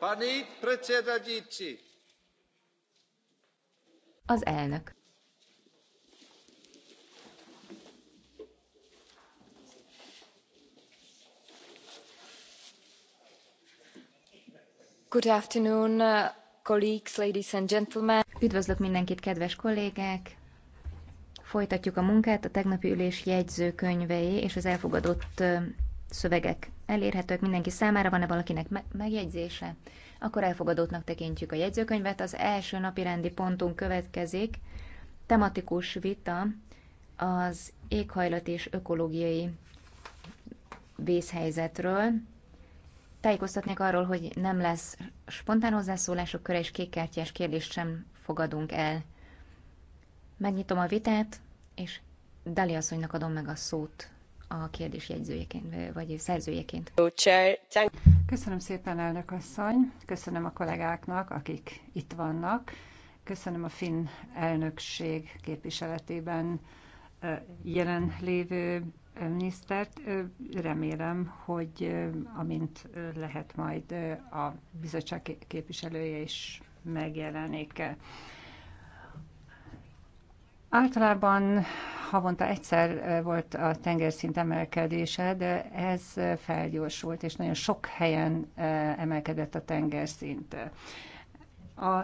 Az elnök. Good afternoon, uh, colleagues, ladies and gentlemen. Üdvözlök mindenkit, kedves kollégák! Folytatjuk a munkát, a tegnapi ülés jegyzőkönyvei és az elfogadott uh, szövegek elérhetőek mindenki számára, van-e valakinek me- megjegyzése? Akkor elfogadottnak tekintjük a jegyzőkönyvet. Az első napi rendi pontunk következik. Tematikus vita az éghajlat és ökológiai vészhelyzetről. Tájékoztatnék arról, hogy nem lesz spontán hozzászólások köre, és kékkártyás kérdést sem fogadunk el. Megnyitom a vitát, és Dali asszonynak adom meg a szót a kérdés jegyzőjeként, vagy szerzőjeként. Köszönöm szépen, elnök asszony, köszönöm a kollégáknak, akik itt vannak, köszönöm a finn elnökség képviseletében jelen lévő minisztert. Remélem, hogy amint lehet majd a bizottság képviselője is megjelenik. Általában havonta egyszer volt a tengerszint emelkedése, de ez felgyorsult, és nagyon sok helyen emelkedett a tengerszint. A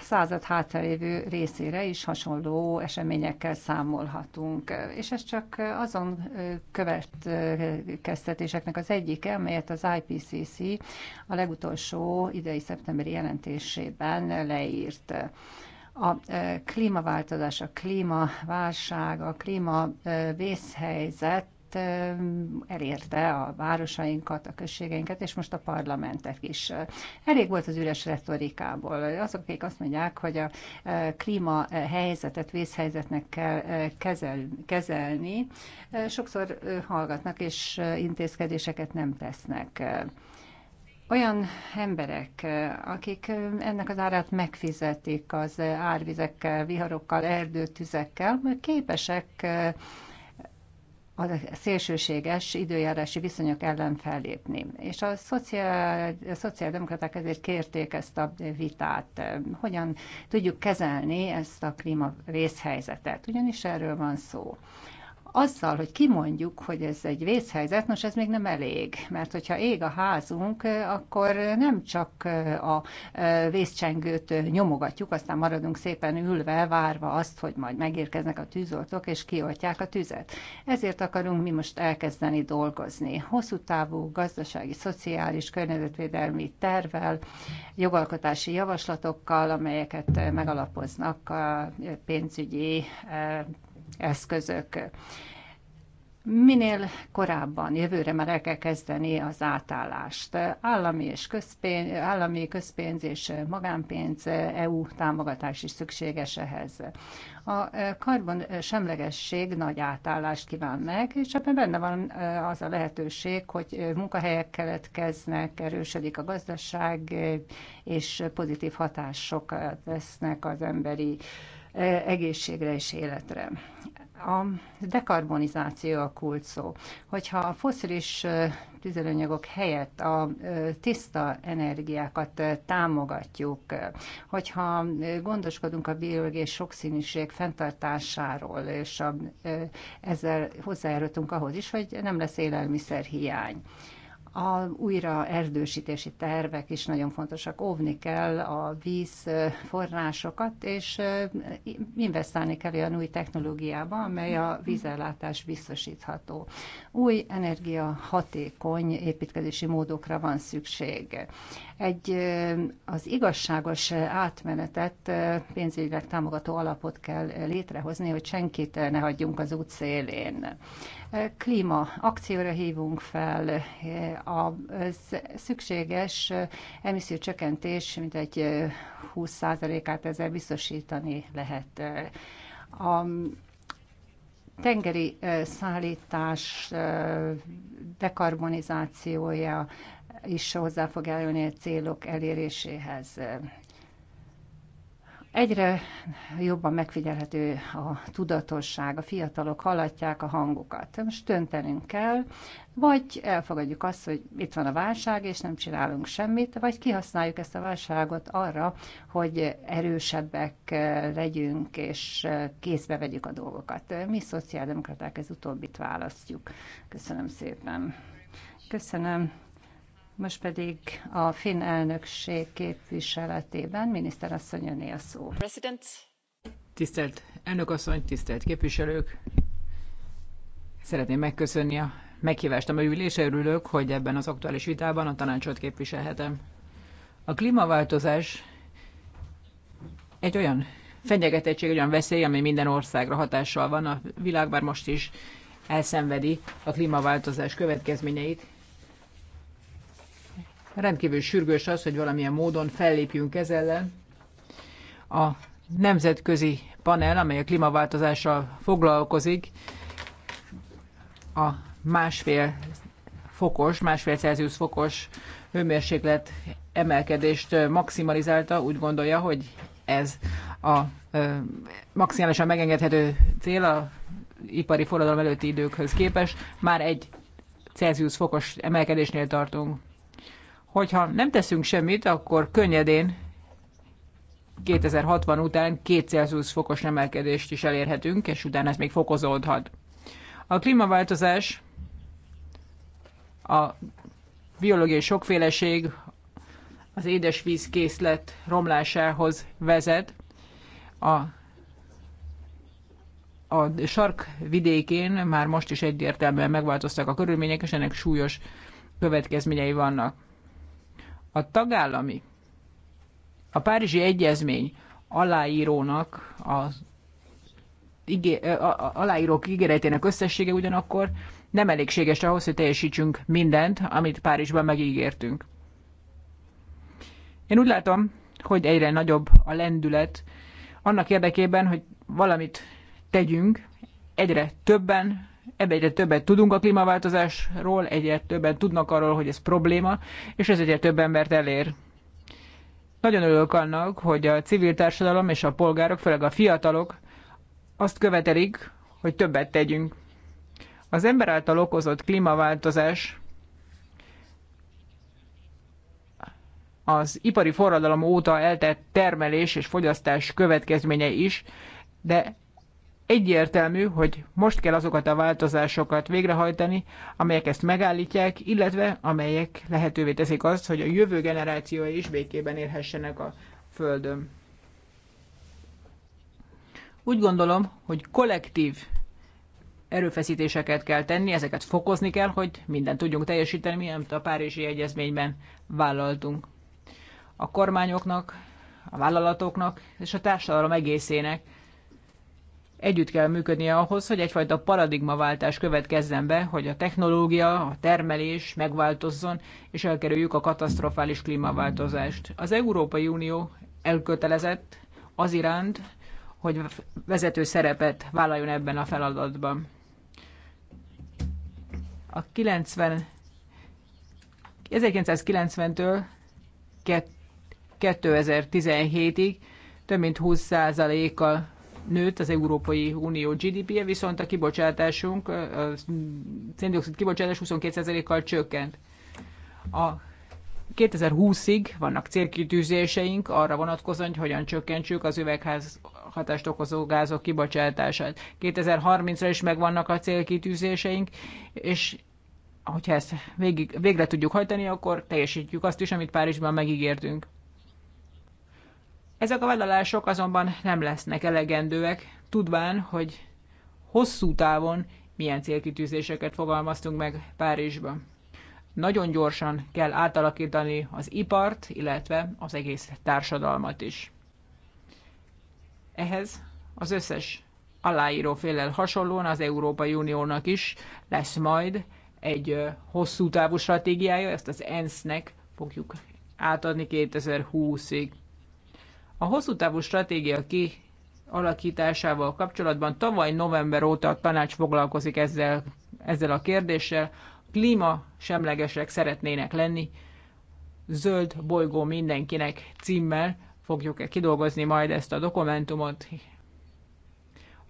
század hátralévő részére is hasonló eseményekkel számolhatunk. És ez csak azon következtetéseknek az egyike, amelyet az IPCC a legutolsó idei szeptemberi jelentésében leírt. A klímaváltozás, a klímaválság, a klímavészhelyzet elérte a városainkat, a községeinket, és most a parlamentet is. Elég volt az üres retorikából. Azok, akik azt mondják, hogy a klímahelyzetet vészhelyzetnek kell kezel, kezelni, sokszor hallgatnak, és intézkedéseket nem tesznek olyan emberek, akik ennek az árát megfizetik az árvizekkel, viharokkal, erdőtüzekkel, mert képesek a szélsőséges időjárási viszonyok ellen fellépni. És a, szociál, a szociáldemokraták ezért kérték ezt a vitát, hogyan tudjuk kezelni ezt a klíma vészhelyzetet, ugyanis erről van szó azzal, hogy kimondjuk, hogy ez egy vészhelyzet, nos ez még nem elég, mert hogyha ég a házunk, akkor nem csak a e, vészcsengőt nyomogatjuk, aztán maradunk szépen ülve, várva azt, hogy majd megérkeznek a tűzoltók és kioltják a tüzet. Ezért akarunk mi most elkezdeni dolgozni. Hosszú távú gazdasági, szociális, környezetvédelmi tervel, jogalkotási javaslatokkal, amelyeket megalapoznak a pénzügyi e, eszközök. Minél korábban, jövőre már el kell kezdeni az átállást. Állami, és közpénz, állami közpénz és magánpénz, EU támogatás is szükséges ehhez. A karbon semlegesség nagy átállást kíván meg, és ebben benne van eh, az a lehetőség, hogy munkahelyek keletkeznek, erősödik a gazdaság, eh, és pozitív hatásokat tesznek eh, az emberi E, egészségre és életre. A dekarbonizáció a kult szó. Hogyha a foszilis e, tüzelőanyagok helyett a e, tiszta energiákat támogatjuk, hogyha gondoskodunk a biológiai sokszínűség fenntartásáról, és a, ezzel hozzájárultunk ahhoz is, hogy nem lesz élelmiszer hiány. A újra erdősítési tervek is nagyon fontosak. Óvni kell a vízforrásokat, és investálni kell olyan új technológiába, amely a vízellátás biztosítható. Új energia hatékony építkezési módokra van szükség. Egy az igazságos átmenetet pénzügyileg támogató alapot kell létrehozni, hogy senkit ne hagyjunk az út szélén klíma akcióra hívunk fel a szükséges emissziócsökkentés, mint egy 20%-át ezzel biztosítani lehet. A tengeri szállítás dekarbonizációja is hozzá fog eljönni a célok eléréséhez. Egyre jobban megfigyelhető a tudatosság, a fiatalok hallatják a hangukat. Most döntenünk kell, vagy elfogadjuk azt, hogy itt van a válság, és nem csinálunk semmit, vagy kihasználjuk ezt a válságot arra, hogy erősebbek legyünk, és kézbe vegyük a dolgokat. Mi szociáldemokraták ez utóbbit választjuk. Köszönöm szépen. Köszönöm. Most pedig a finn elnökség képviseletében miniszterasszony öné a szó. President. Tisztelt elnökasszony, tisztelt képviselők! Szeretném megköszönni a meghívást a ülésre. Örülök, hogy ebben az aktuális vitában a tanácsot képviselhetem. A klímaváltozás egy olyan fenyegetettség, olyan veszély, ami minden országra hatással van. A világ már most is elszenvedi a klímaváltozás következményeit rendkívül sürgős az, hogy valamilyen módon fellépjünk ez ellen. A nemzetközi panel, amely a klímaváltozással foglalkozik, a másfél fokos, másfél Celsius fokos hőmérséklet emelkedést maximalizálta, úgy gondolja, hogy ez a maximálisan megengedhető cél a ipari forradalom előtti időkhöz képest. Már egy Celsius fokos emelkedésnél tartunk. Hogyha nem teszünk semmit, akkor könnyedén 2060 után Celsius fokos emelkedést is elérhetünk, és utána ez még fokozódhat. A klímaváltozás, a biológiai sokféleség az édesvíz készlet romlásához vezet. A, a vidékén már most is egyértelműen megváltoztak a körülmények, és ennek súlyos következményei vannak a tagállami, a Párizsi Egyezmény aláírónak, az, igé, a, a, aláírók ígéretének összessége ugyanakkor nem elégséges ahhoz, hogy teljesítsünk mindent, amit Párizsban megígértünk. Én úgy látom, hogy egyre nagyobb a lendület annak érdekében, hogy valamit tegyünk, egyre többen ebben egyre többet tudunk a klímaváltozásról, egyre többen tudnak arról, hogy ez probléma, és ez egyre több embert elér. Nagyon örülök annak, hogy a civil társadalom és a polgárok, főleg a fiatalok azt követelik, hogy többet tegyünk. Az ember által okozott klímaváltozás az ipari forradalom óta eltett termelés és fogyasztás következménye is, de egyértelmű, hogy most kell azokat a változásokat végrehajtani, amelyek ezt megállítják, illetve amelyek lehetővé teszik azt, hogy a jövő generációi is békében élhessenek a Földön. Úgy gondolom, hogy kollektív erőfeszítéseket kell tenni, ezeket fokozni kell, hogy mindent tudjunk teljesíteni, amit a Párizsi Egyezményben vállaltunk. A kormányoknak, a vállalatoknak és a társadalom egészének együtt kell működnie ahhoz, hogy egyfajta paradigmaváltás következzen be, hogy a technológia, a termelés megváltozzon, és elkerüljük a katasztrofális klímaváltozást. Az Európai Unió elkötelezett az iránt, hogy vezető szerepet vállaljon ebben a feladatban. A 90, 1990-től 2017-ig több mint 20%-kal nőtt az Európai Unió GDP-je, viszont a kibocsátásunk, a széndiokszid kibocsátás 22%-kal csökkent. A 2020-ig vannak célkitűzéseink arra vonatkozóan, hogy hogyan csökkentsük az üvegház hatást okozó gázok kibocsátását. 2030-ra is megvannak a célkitűzéseink, és hogyha ezt végig, végre tudjuk hajtani, akkor teljesítjük azt is, amit Párizsban megígértünk. Ezek a vállalások azonban nem lesznek elegendőek, tudván, hogy hosszú távon milyen célkitűzéseket fogalmaztunk meg Párizsban. Nagyon gyorsan kell átalakítani az ipart, illetve az egész társadalmat is. Ehhez az összes aláíró félel hasonlóan az Európai Uniónak is lesz majd egy hosszú távú stratégiája, ezt az ENSZ-nek fogjuk átadni 2020-ig. A hosszú távú stratégia ki alakításával kapcsolatban tavaly november óta a tanács foglalkozik ezzel, ezzel a kérdéssel. Klíma semlegesek szeretnének lenni. Zöld bolygó mindenkinek címmel fogjuk kidolgozni majd ezt a dokumentumot.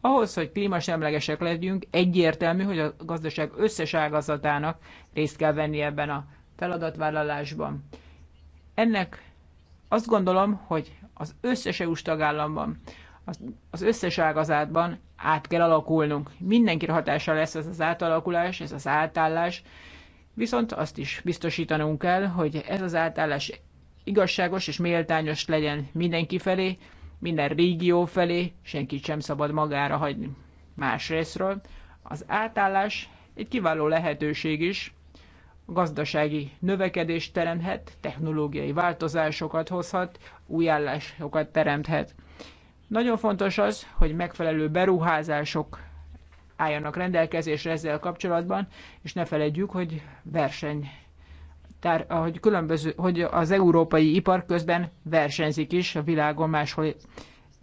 Ahhoz, hogy klímasemlegesek legyünk, egyértelmű, hogy a gazdaság összes ágazatának részt kell venni ebben a feladatvállalásban. Ennek azt gondolom, hogy az összes EU-s tagállamban, az, az összes ágazatban át kell alakulnunk. Mindenkire hatással lesz ez az átalakulás, ez az átállás, viszont azt is biztosítanunk kell, hogy ez az átállás igazságos és méltányos legyen mindenki felé, minden régió felé, senkit sem szabad magára hagyni. Másrésztről az átállás egy kiváló lehetőség is gazdasági növekedést teremhet, technológiai változásokat hozhat, új állásokat teremthet. Nagyon fontos az, hogy megfelelő beruházások álljanak rendelkezésre ezzel kapcsolatban, és ne felejtjük, hogy verseny tár, hogy, különböző, hogy az európai ipar közben versenyzik is a világon máshol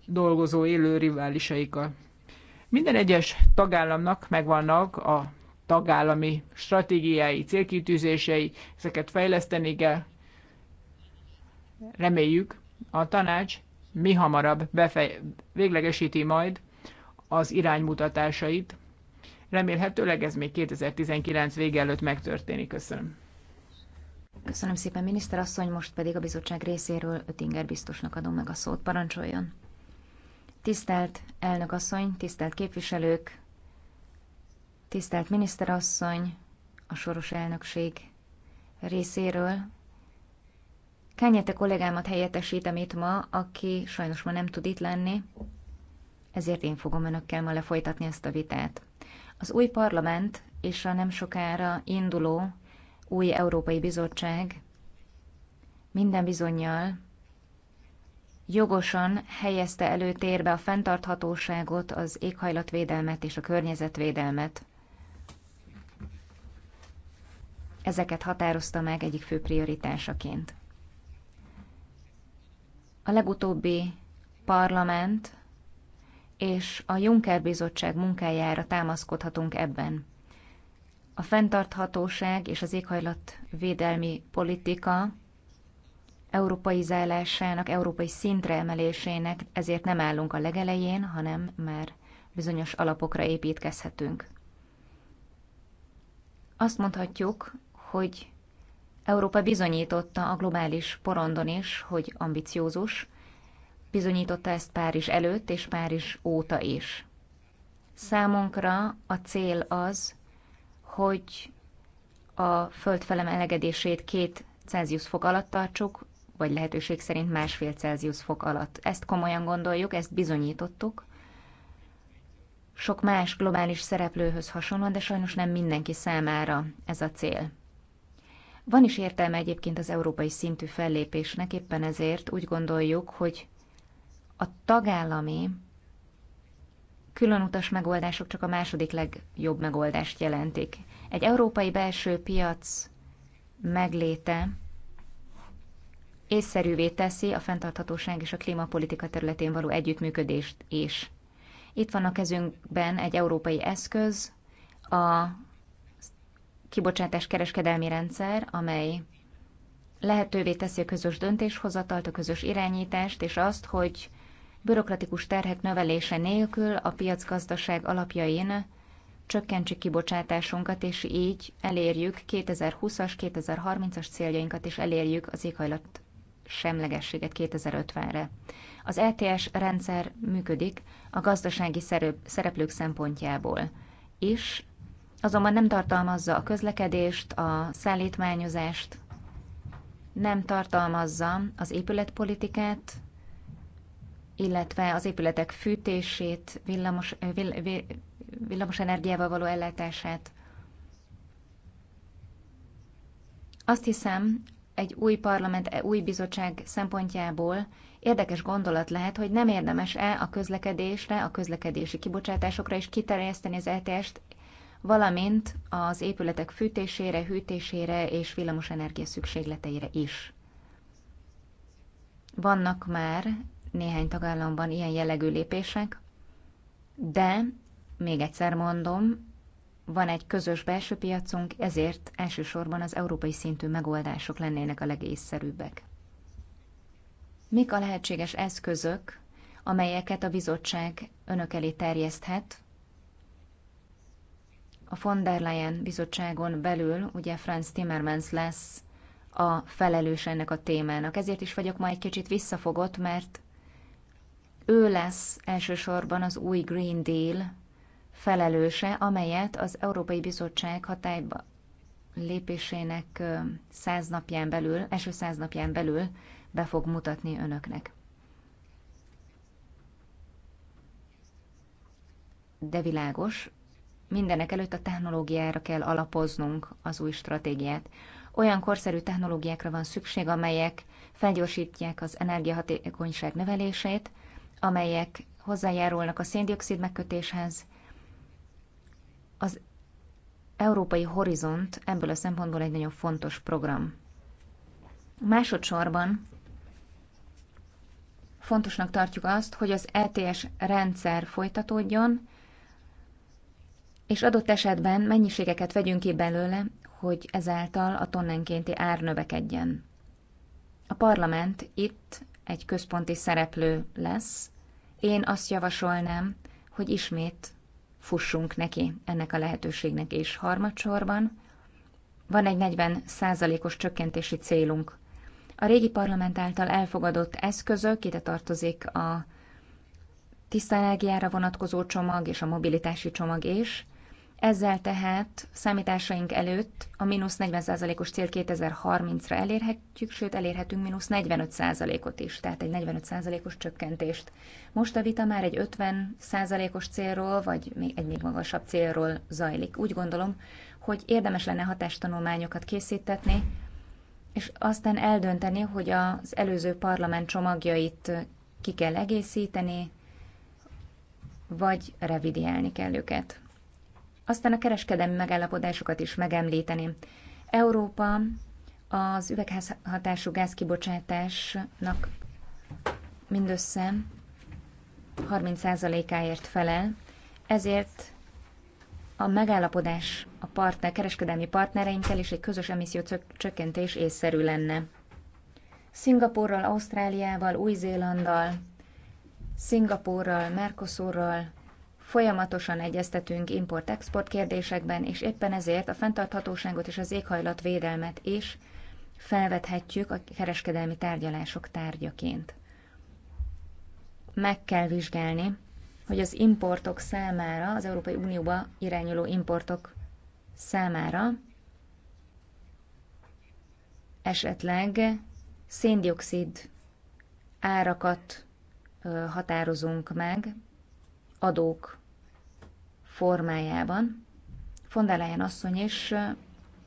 dolgozó élő riválisaikkal. Minden egyes tagállamnak megvannak a tagállami stratégiái, célkitűzései, ezeket fejleszteni kell. Reméljük, a tanács mi hamarabb befej- véglegesíti majd az iránymutatásait. Remélhetőleg ez még 2019 vége előtt megtörténik. Köszönöm. Köszönöm szépen, miniszter asszony, most pedig a bizottság részéről Ötinger biztosnak adom meg a szót. Parancsoljon! Tisztelt elnök asszony, tisztelt képviselők, Tisztelt miniszterasszony, a soros elnökség részéről. Kenyete kollégámat helyettesítem itt ma, aki sajnos ma nem tud itt lenni, ezért én fogom önökkel ma lefolytatni ezt a vitát. Az új parlament és a nem sokára induló új Európai Bizottság minden bizonyal jogosan helyezte előtérbe a fenntarthatóságot, az éghajlatvédelmet és a környezetvédelmet. ezeket határozta meg egyik fő prioritásaként. A legutóbbi parlament és a Juncker bizottság munkájára támaszkodhatunk ebben. A fenntarthatóság és az éghajlatvédelmi politika európai zállásának, európai szintre emelésének ezért nem állunk a legelején, hanem már bizonyos alapokra építkezhetünk. Azt mondhatjuk, hogy Európa bizonyította a globális porondon is, hogy ambiciózus, bizonyította ezt Párizs előtt és Párizs óta is. Számunkra a cél az, hogy a föld felemelegedését két Celsius fok alatt tartsuk, vagy lehetőség szerint másfél Celsius fok alatt. Ezt komolyan gondoljuk, ezt bizonyítottuk. Sok más globális szereplőhöz hasonló, de sajnos nem mindenki számára ez a cél. Van is értelme egyébként az európai szintű fellépésnek, éppen ezért úgy gondoljuk, hogy a tagállami különutas megoldások csak a második legjobb megoldást jelentik. Egy európai belső piac megléte észszerűvé teszi a fenntarthatóság és a klímapolitika területén való együttműködést is. Itt van a kezünkben egy európai eszköz, a kibocsátás kereskedelmi rendszer, amely lehetővé teszi a közös döntéshozatalt, a közös irányítást, és azt, hogy bürokratikus terhek növelése nélkül a piacgazdaság alapjain csökkentsük kibocsátásunkat, és így elérjük 2020-as, 2030-as céljainkat, és elérjük az éghajlat semlegességet 2050-re. Az ETS rendszer működik a gazdasági szereplők szempontjából, és azonban nem tartalmazza a közlekedést, a szállítmányozást, nem tartalmazza az épületpolitikát, illetve az épületek fűtését, villamos, eh, vill, vill, villamos energiával való ellátását. Azt hiszem, egy új parlament, e, új bizottság szempontjából érdekes gondolat lehet, hogy nem érdemes-e a közlekedésre, a közlekedési kibocsátásokra is kiterjeszteni az ETS-t, valamint az épületek fűtésére, hűtésére és villamosenergia szükségleteire is. Vannak már néhány tagállamban ilyen jellegű lépések, de még egyszer mondom, van egy közös belső piacunk, ezért elsősorban az európai szintű megoldások lennének a legészszerűbbek. Mik a lehetséges eszközök, amelyeket a bizottság önök elé terjeszthet a von der Leyen bizottságon belül ugye Franz Timmermans lesz a felelős ennek a témának. Ezért is vagyok ma egy kicsit visszafogott, mert ő lesz elsősorban az új Green Deal felelőse, amelyet az Európai Bizottság hatályba lépésének száz napján belül, első száz napján belül be fog mutatni önöknek. De világos, mindenek előtt a technológiára kell alapoznunk az új stratégiát. Olyan korszerű technológiákra van szükség, amelyek felgyorsítják az energiahatékonyság növelését, amelyek hozzájárulnak a széndiokszid megkötéshez. Az Európai Horizont ebből a szempontból egy nagyon fontos program. Másodszorban fontosnak tartjuk azt, hogy az ETS rendszer folytatódjon, és adott esetben mennyiségeket vegyünk ki belőle, hogy ezáltal a tonnenkénti ár növekedjen. A parlament itt egy központi szereplő lesz. Én azt javasolnám, hogy ismét fussunk neki ennek a lehetőségnek, és harmadsorban van egy 40 százalékos csökkentési célunk. A régi parlament által elfogadott eszközök, ide tartozik a tiszta energiára vonatkozó csomag és a mobilitási csomag is, ezzel tehát számításaink előtt a mínusz 40%-os cél 2030-ra elérhetjük, sőt elérhetünk mínusz 45%-ot is, tehát egy 45%-os csökkentést. Most a vita már egy 50%-os célról, vagy még egy még magasabb célról zajlik. Úgy gondolom, hogy érdemes lenne hatástanulmányokat készítetni, és aztán eldönteni, hogy az előző parlament csomagjait ki kell egészíteni, vagy revidiálni kell őket. Aztán a kereskedelmi megállapodásokat is megemlíteném. Európa az üvegházhatású gázkibocsátásnak mindössze 30%-áért felel, ezért a megállapodás a partner, kereskedelmi partnereinkkel és egy közös emisszió csökkentés észszerű lenne. Szingapurral, Ausztráliával, Új-Zélanddal, Szingapurral, Mercosurral, Folyamatosan egyeztetünk import-export kérdésekben, és éppen ezért a fenntarthatóságot és az éghajlatvédelmet is felvethetjük a kereskedelmi tárgyalások tárgyaként. Meg kell vizsgálni, hogy az importok számára, az Európai Unióba irányuló importok számára esetleg széndiokszid árakat határozunk meg, adók formájában. Von asszony is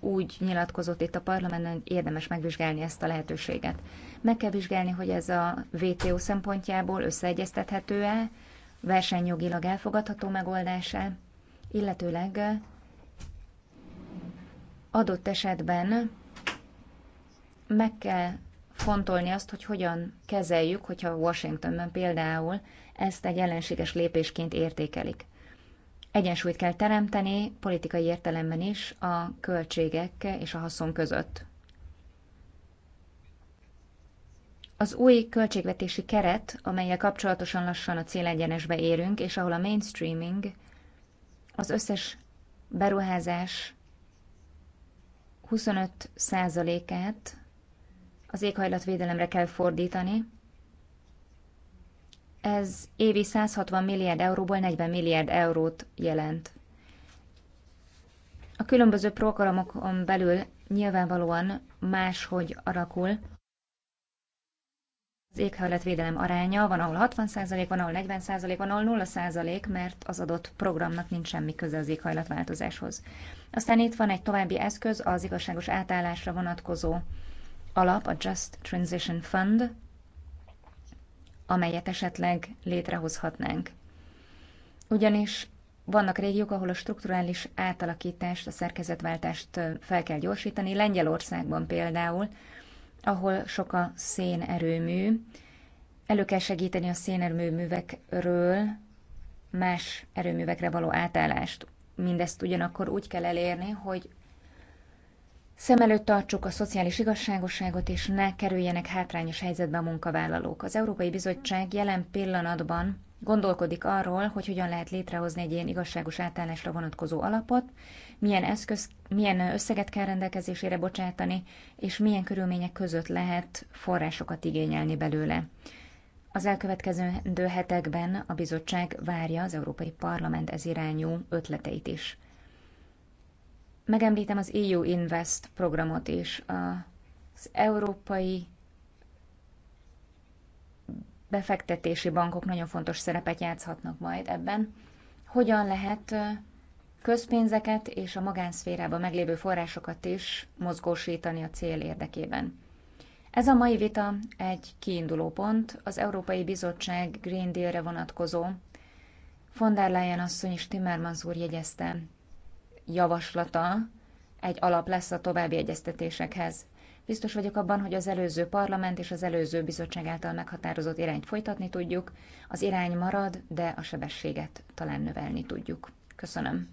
úgy nyilatkozott itt a parlamenten, hogy érdemes megvizsgálni ezt a lehetőséget. Meg kell vizsgálni, hogy ez a WTO szempontjából összeegyeztethető-e, versenyjogilag elfogadható megoldása, illetőleg adott esetben meg kell fontolni azt, hogy hogyan kezeljük, hogyha Washingtonban például ezt egy ellenséges lépésként értékelik. Egyensúlyt kell teremteni politikai értelemben is a költségek és a haszon között. Az új költségvetési keret, amelyel kapcsolatosan lassan a célegyenesbe érünk, és ahol a mainstreaming, az összes beruházás 25%-át az éghajlatvédelemre kell fordítani, ez évi 160 milliárd euróból 40 milliárd eurót jelent. A különböző programokon belül nyilvánvalóan máshogy alakul az éghajlatvédelem aránya, van ahol 60%, van ahol 40%, van ahol 0%, mert az adott programnak nincs semmi köze az éghajlatváltozáshoz. Aztán itt van egy további eszköz, az igazságos átállásra vonatkozó alap, a Just Transition Fund, amelyet esetleg létrehozhatnánk. Ugyanis vannak régiók, ahol a strukturális átalakítást, a szerkezetváltást fel kell gyorsítani. Lengyelországban például, ahol sok a szénerőmű, elő kell segíteni a szénerőművekről más erőművekre való átállást. Mindezt ugyanakkor úgy kell elérni, hogy Szem előtt tartsuk a szociális igazságosságot, és ne kerüljenek hátrányos helyzetbe a munkavállalók. Az Európai Bizottság jelen pillanatban gondolkodik arról, hogy hogyan lehet létrehozni egy ilyen igazságos átállásra vonatkozó alapot, milyen, eszköz, milyen összeget kell rendelkezésére bocsátani, és milyen körülmények között lehet forrásokat igényelni belőle. Az elkövetkező hetekben a bizottság várja az Európai Parlament ez irányú ötleteit is. Megemlítem az EU Invest programot is, az európai befektetési bankok nagyon fontos szerepet játszhatnak majd ebben. Hogyan lehet közpénzeket és a magánszférában meglévő forrásokat is mozgósítani a cél érdekében? Ez a mai vita egy kiinduló pont az Európai Bizottság Green Deal-re vonatkozó. Von der Leyen asszony és Timmermans úr jegyezte javaslata egy alap lesz a további egyeztetésekhez. Biztos vagyok abban, hogy az előző parlament és az előző bizottság által meghatározott irányt folytatni tudjuk. Az irány marad, de a sebességet talán növelni tudjuk. Köszönöm.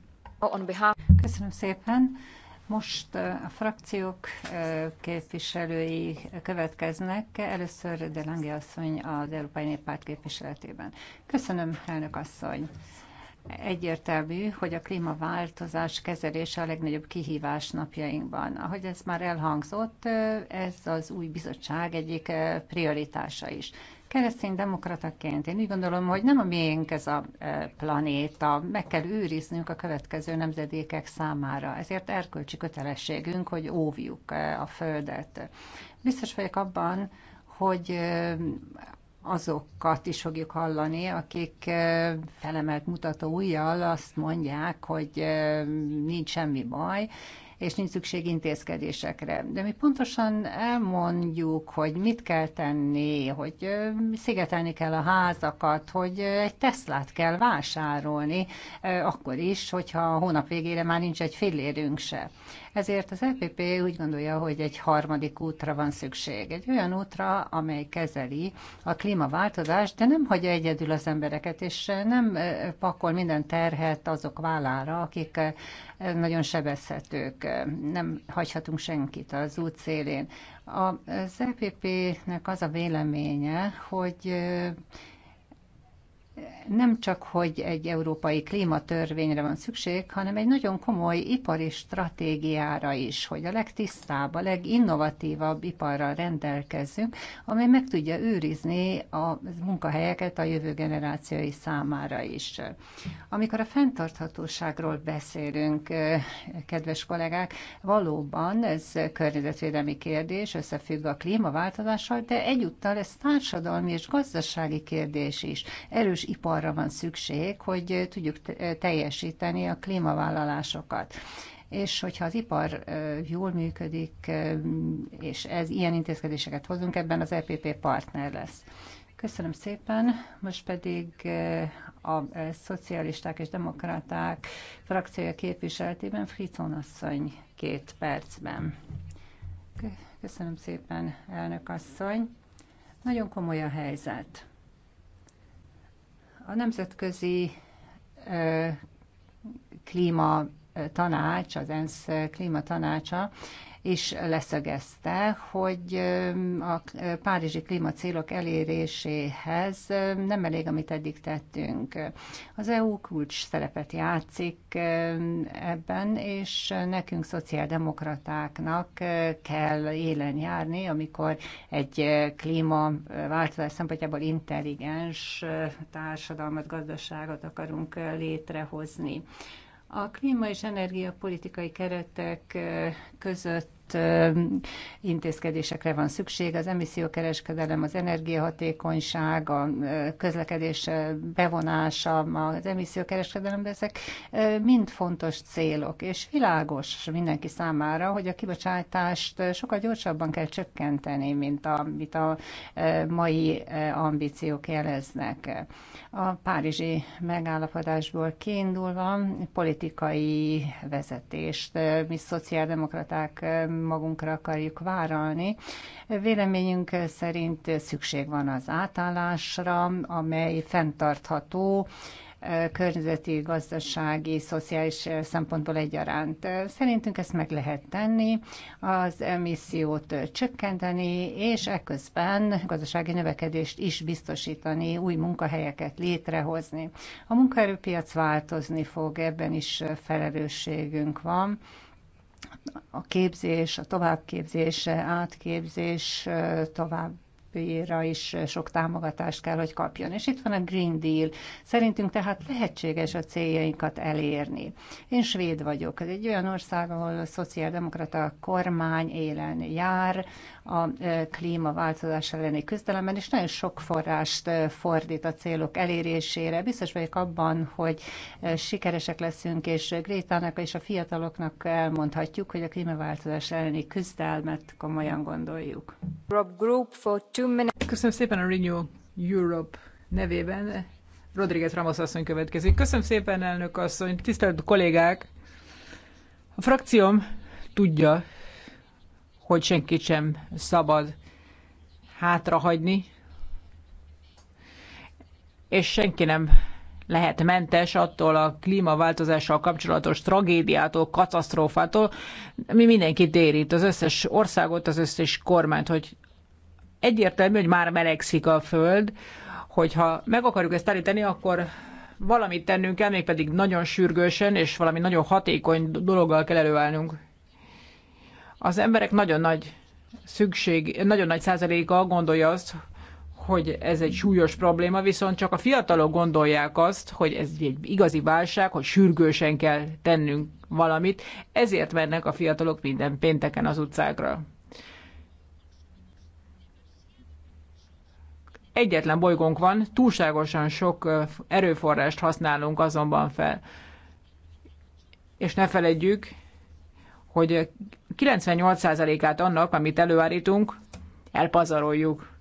Köszönöm szépen. Most a frakciók képviselői következnek. Először Delange asszony az Európai Néppárt képviseletében. Köszönöm, elnök asszony. Egyértelmű, hogy a klímaváltozás kezelése a legnagyobb kihívás napjainkban. Ahogy ez már elhangzott, ez az új bizottság egyik eh, prioritása is. Keresztény demokrataként én úgy gondolom, hogy nem a miénk ez a eh, planéta, meg kell őriznünk a következő nemzedékek számára. Ezért erkölcsi kötelességünk, hogy óvjuk eh, a Földet. Biztos vagyok abban, hogy azokat is fogjuk hallani, akik felemelt mutató ujjal azt mondják, hogy nincs semmi baj, és nincs szükség intézkedésekre. De mi pontosan elmondjuk, hogy mit kell tenni, hogy szigetelni kell a házakat, hogy egy Teslát kell vásárolni, akkor is, hogyha a hónap végére már nincs egy fillérünk se. Ezért az EPP úgy gondolja, hogy egy harmadik útra van szükség. Egy olyan útra, amely kezeli a klímaváltozást, de nem hagyja egyedül az embereket, és nem eh, pakol minden terhet azok vállára, akik eh, nagyon sebezhetők. Nem hagyhatunk senkit az út szélén. Az EPP-nek az a véleménye, hogy eh, nem csak, hogy egy európai klímatörvényre van szükség, hanem egy nagyon komoly ipari stratégiára is, hogy a legtisztább, a leginnovatívabb iparral rendelkezzünk, amely meg tudja őrizni a munkahelyeket a jövő generációi számára is. Amikor a fenntarthatóságról beszélünk, kedves kollégák, valóban ez környezetvédelmi kérdés, összefügg a klímaváltozással, de egyúttal ez társadalmi és gazdasági kérdés is. Erős iparra van szükség, hogy tudjuk teljesíteni a klímavállalásokat és hogyha az ipar jól működik, és ez ilyen intézkedéseket hozunk, ebben az EPP partner lesz. Köszönöm szépen, most pedig a szocialisták és demokraták frakciója képviseletében Fritzon asszony két percben. Köszönöm szépen, elnök asszony. Nagyon komoly a helyzet. A nemzetközi klíma tanács, az ENSZ klíma tanácsa is leszögezte, hogy a párizsi klímacélok eléréséhez nem elég, amit eddig tettünk. Az EU kulcs szerepet játszik ebben, és nekünk szociáldemokratáknak kell élen járni, amikor egy klímaváltozás szempontjából intelligens társadalmat, gazdaságot akarunk létrehozni. A klíma és energiapolitikai keretek között intézkedésekre van szükség. Az emissziókereskedelem, az energiahatékonyság, a közlekedés bevonása az de ezek mind fontos célok, és világos mindenki számára, hogy a kibocsátást sokkal gyorsabban kell csökkenteni, mint amit a mai ambíciók jeleznek. A párizsi megállapodásból kiindulva politikai vezetést mi szociáldemokraták magunkra akarjuk váralni. Véleményünk szerint szükség van az átállásra, amely fenntartható, eh, környezeti, gazdasági, szociális eh, szempontból egyaránt. Eh, szerintünk ezt meg lehet tenni, az emissziót csökkenteni, és ekközben gazdasági növekedést is biztosítani, új munkahelyeket létrehozni. A munkaerőpiac változni fog, ebben is felelősségünk van a képzés, a továbbképzés, átképzés tovább is sok támogatást kell, hogy kapjon. És itt van a Green Deal. Szerintünk tehát lehetséges a céljainkat elérni. Én svéd vagyok. Ez egy olyan ország, ahol a szociáldemokrata kormány élen jár, a e, klímaváltozás elleni küzdelemben, és nagyon sok forrást e, fordít a célok elérésére. Biztos vagyok abban, hogy e, sikeresek leszünk, és Grétának és a fiataloknak elmondhatjuk, hogy a klímaváltozás elleni küzdelmet komolyan gondoljuk. Köszönöm szépen a Renew Europe nevében. Rodriguez Ramos asszony következik. Köszönöm szépen, elnök asszony, tisztelt kollégák! A frakcióm tudja, hogy senkit sem szabad hátrahagyni, és senki nem lehet mentes attól a klímaváltozással kapcsolatos tragédiától, katasztrófától, mi mindenkit érint, az összes országot, az összes kormányt, hogy egyértelmű, hogy már melegszik a föld, hogyha meg akarjuk ezt állítani, akkor valamit tennünk kell, mégpedig nagyon sürgősen, és valami nagyon hatékony dologgal kell előállnunk. Az emberek nagyon nagy szükség, nagyon nagy százaléka gondolja azt, hogy ez egy súlyos probléma, viszont csak a fiatalok gondolják azt, hogy ez egy igazi válság, hogy sürgősen kell tennünk valamit, ezért mennek a fiatalok minden pénteken az utcákra. Egyetlen bolygónk van, túlságosan sok erőforrást használunk azonban fel. És ne feledjük, hogy 98%-át annak, amit előállítunk, elpazaroljuk.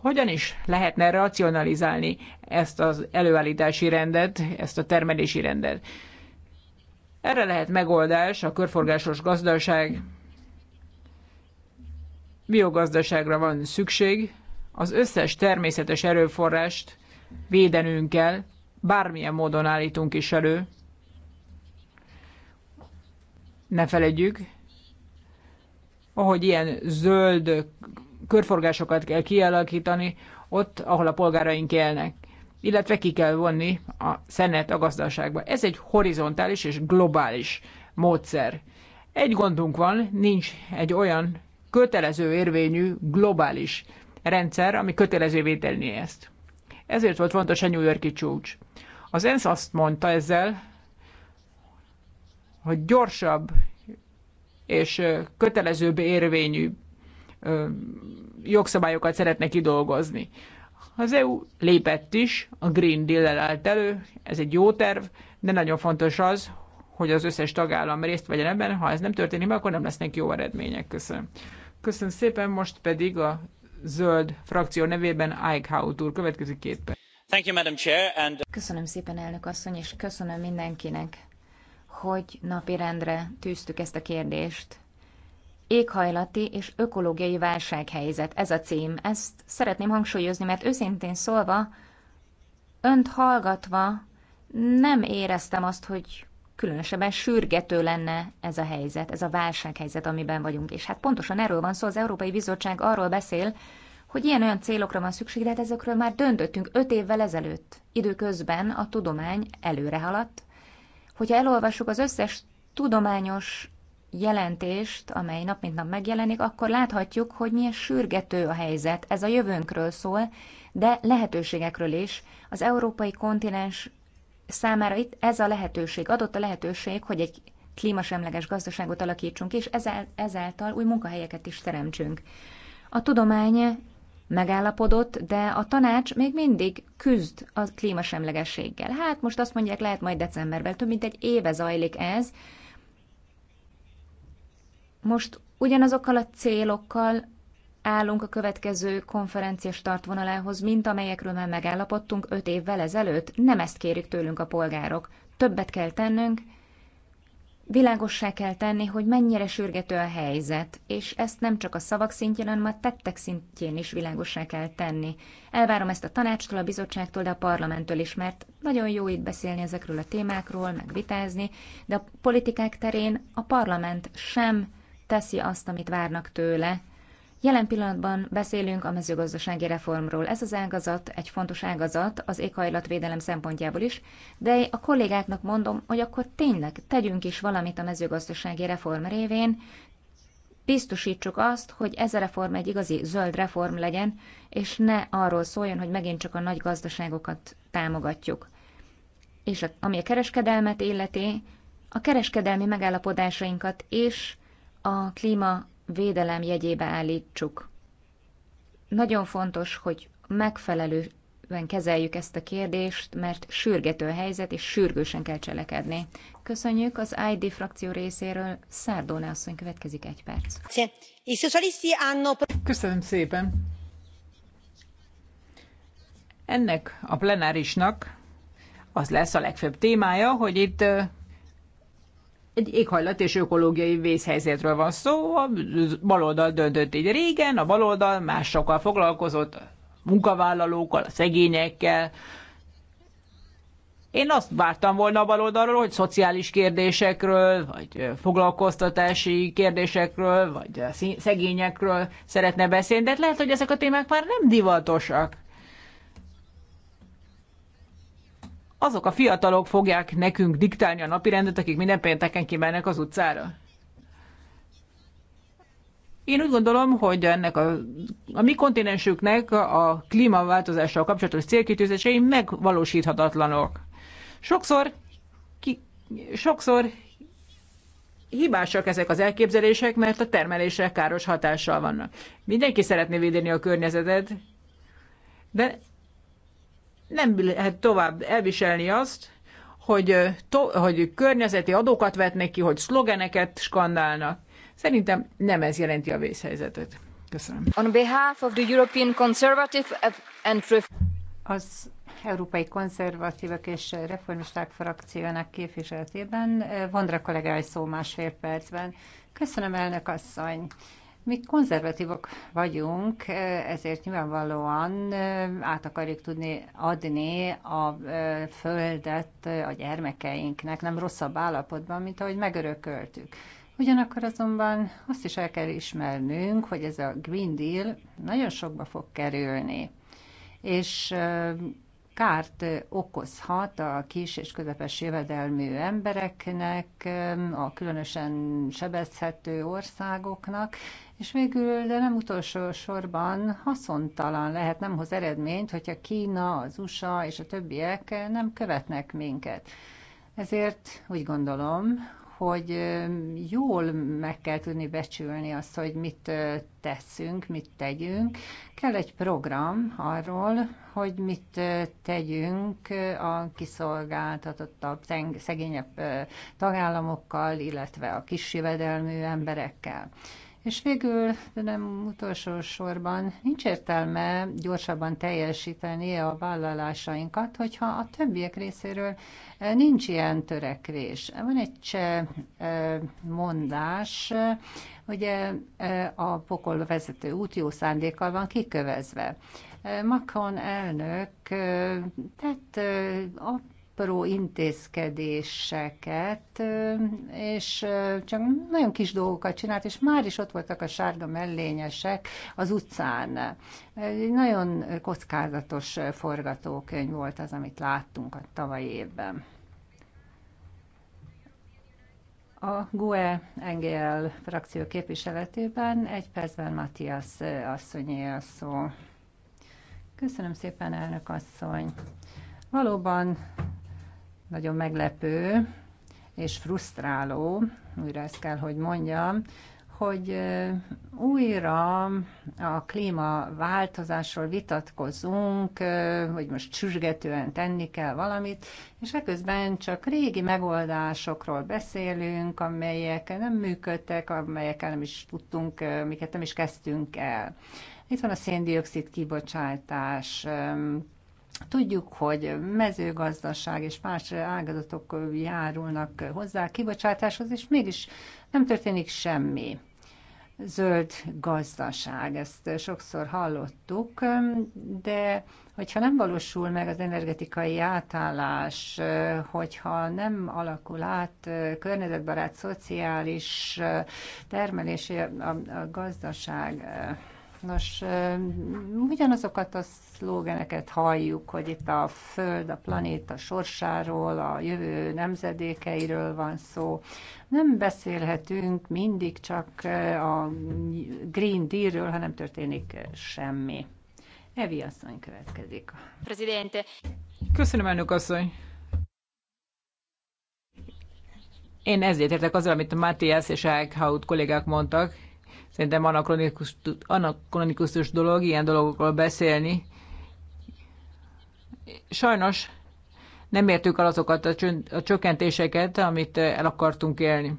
Hogyan is lehetne racionalizálni ezt az előállítási rendet, ezt a termelési rendet? Erre lehet megoldás a körforgásos gazdaság. Biogazdaságra van szükség. Az összes természetes erőforrást védenünk kell, bármilyen módon állítunk is elő. Ne felejtjük, ahogy ilyen zöld körforgásokat kell kialakítani ott, ahol a polgáraink élnek illetve ki kell vonni a szenet a gazdaságba. Ez egy horizontális és globális módszer. Egy gondunk van, nincs egy olyan kötelező érvényű globális rendszer, ami kötelezővé tenné ezt. Ezért volt fontos a New Yorki csúcs. Az ENSZ azt mondta ezzel, hogy gyorsabb és kötelezőbb érvényű jogszabályokat szeretne kidolgozni. Az EU lépett is, a Green Deal-el állt elő, ez egy jó terv, de nagyon fontos az, hogy az összes tagállam részt vegyen ebben, ha ez nem történik meg, akkor nem lesznek jó eredmények. Köszönöm. Köszönöm szépen, most pedig a zöld frakció nevében Eichhout úr következik két perc. Köszönöm szépen, elnök asszony, és köszönöm mindenkinek, hogy napirendre tűztük ezt a kérdést. Éghajlati és ökológiai válsághelyzet, ez a cím. Ezt szeretném hangsúlyozni, mert őszintén szólva, önt hallgatva nem éreztem azt, hogy különösebben sürgető lenne ez a helyzet, ez a válsághelyzet, amiben vagyunk. És hát pontosan erről van szó, az Európai Bizottság arról beszél, hogy ilyen-olyan célokra van szükség, de hát ezekről már döntöttünk öt évvel ezelőtt. Időközben a tudomány előre haladt, Hogyha elolvassuk az összes tudományos jelentést, amely nap mint nap megjelenik, akkor láthatjuk, hogy milyen sürgető a helyzet. Ez a jövőnkről szól, de lehetőségekről is. Az európai kontinens számára itt ez a lehetőség, adott a lehetőség, hogy egy klímasemleges gazdaságot alakítsunk, és ezáltal új munkahelyeket is teremtsünk. A tudomány megállapodott, de a tanács még mindig küzd a klímasemlegességgel. Hát most azt mondják, lehet majd decemberben, több mint egy éve zajlik ez. Most ugyanazokkal a célokkal állunk a következő konferenciás startvonalához, mint amelyekről már megállapodtunk öt évvel ezelőtt. Nem ezt kérik tőlünk a polgárok. Többet kell tennünk, Világossá kell tenni, hogy mennyire sürgető a helyzet, és ezt nem csak a szavak szintjén, hanem a tettek szintjén is világossá kell tenni. Elvárom ezt a tanácstól, a bizottságtól, de a parlamenttől is, mert nagyon jó itt beszélni ezekről a témákról, meg vitázni, de a politikák terén a parlament sem teszi azt, amit várnak tőle, Jelen pillanatban beszélünk a mezőgazdasági reformról. Ez az ágazat egy fontos ágazat az éghajlatvédelem szempontjából is, de a kollégáknak mondom, hogy akkor tényleg tegyünk is valamit a mezőgazdasági reform révén, biztosítsuk azt, hogy ez a reform egy igazi zöld reform legyen, és ne arról szóljon, hogy megint csak a nagy gazdaságokat támogatjuk. És a, ami a kereskedelmet illeti, a kereskedelmi megállapodásainkat és a klíma védelem jegyébe állítsuk. Nagyon fontos, hogy megfelelően kezeljük ezt a kérdést, mert sürgető a helyzet, és sürgősen kell cselekedni. Köszönjük az ID frakció részéről. Szárdóna asszony következik egy perc. Köszönöm szépen. Ennek a plenárisnak az lesz a legfőbb témája, hogy itt egy éghajlat és ökológiai vészhelyzetről van szó, a baloldal döntött így régen, a baloldal másokkal foglalkozott, a munkavállalókkal, a szegényekkel. Én azt vártam volna a baloldalról, hogy szociális kérdésekről, vagy foglalkoztatási kérdésekről, vagy szegényekről szeretne beszélni, de lehet, hogy ezek a témák már nem divatosak. azok a fiatalok fogják nekünk diktálni a napirendet, akik minden pénteken kimennek az utcára. Én úgy gondolom, hogy ennek a, a mi kontinensüknek a klímaváltozással kapcsolatos célkitűzései megvalósíthatatlanok. Sokszor, ki, sokszor hibásak ezek az elképzelések, mert a termelésre káros hatással vannak. Mindenki szeretné védeni a környezetet, de nem lehet tovább elviselni azt, hogy, to, hogy környezeti adókat vetnek ki, hogy szlogeneket skandálnak. Szerintem nem ez jelenti a vészhelyzetet. Köszönöm. On behalf of the European Conservative and az Európai Konzervatívak és Reformisták frakciójának képviseletében Vondra kollégáj szó másfél percben. Köszönöm, elnök asszony! Mi konzervatívok vagyunk, ezért nyilvánvalóan át akarjuk tudni adni a földet a gyermekeinknek, nem rosszabb állapotban, mint ahogy megörököltük. Ugyanakkor azonban azt is el kell ismernünk, hogy ez a Green Deal nagyon sokba fog kerülni, és kárt okozhat a kis és közepes jövedelmű embereknek, a különösen sebezhető országoknak, és végül, de nem utolsó sorban haszontalan lehet, nem hoz eredményt, hogyha Kína, az USA és a többiek nem követnek minket. Ezért úgy gondolom, hogy jól meg kell tudni becsülni azt, hogy mit teszünk, mit tegyünk. Kell egy program arról, hogy mit tegyünk a kiszolgáltatottabb, szegényebb tagállamokkal, illetve a kisjövedelmű emberekkel. És végül, de nem utolsó sorban, nincs értelme gyorsabban teljesíteni a vállalásainkat, hogyha a többiek részéről eh, nincs ilyen törekvés. Van egy cseh eh, mondás, eh, ugye a pokol vezető út jó szándékkal van kikövezve. Macron elnök tett a apró intézkedéseket, és csak nagyon kis dolgokat csinált, és már is ott voltak a sárga mellényesek az utcán. Egy nagyon kockázatos forgatókönyv volt az, amit láttunk a tavaly évben. A GUE NGL frakció képviseletében egy percben Matthias asszonyé a szó. Köszönöm szépen, elnök asszony. Valóban nagyon meglepő és frusztráló, újra ezt kell, hogy mondjam, hogy újra a klímaváltozásról vitatkozunk, hogy most csüsgetően tenni kell valamit, és eközben csak régi megoldásokról beszélünk, amelyek nem működtek, amelyekkel nem is tudtunk, amiket nem is kezdtünk el. Itt van a széndiokszid kibocsátás, Tudjuk, hogy mezőgazdaság és más ágazatok járulnak hozzá a kibocsátáshoz, és mégis nem történik semmi. Zöld gazdaság, ezt sokszor hallottuk, de hogyha nem valósul meg az energetikai átállás, hogyha nem alakul át környezetbarát, szociális termelés a, a gazdaság, Nos, ugyanazokat a szlógeneket halljuk, hogy itt a Föld, a planéta sorsáról, a jövő nemzedékeiről van szó. Nem beszélhetünk mindig csak a Green Dealről, ha nem történik semmi. Evi asszony következik. Presidente. Köszönöm, elnök asszony. Én ezért értek azzal, amit Matthias és Eichhaut kollégák mondtak. Szerintem anakronikus, anakronikus dolog ilyen dologokról beszélni. Sajnos nem értük el azokat a, csönt, a csökkentéseket, amit el akartunk élni.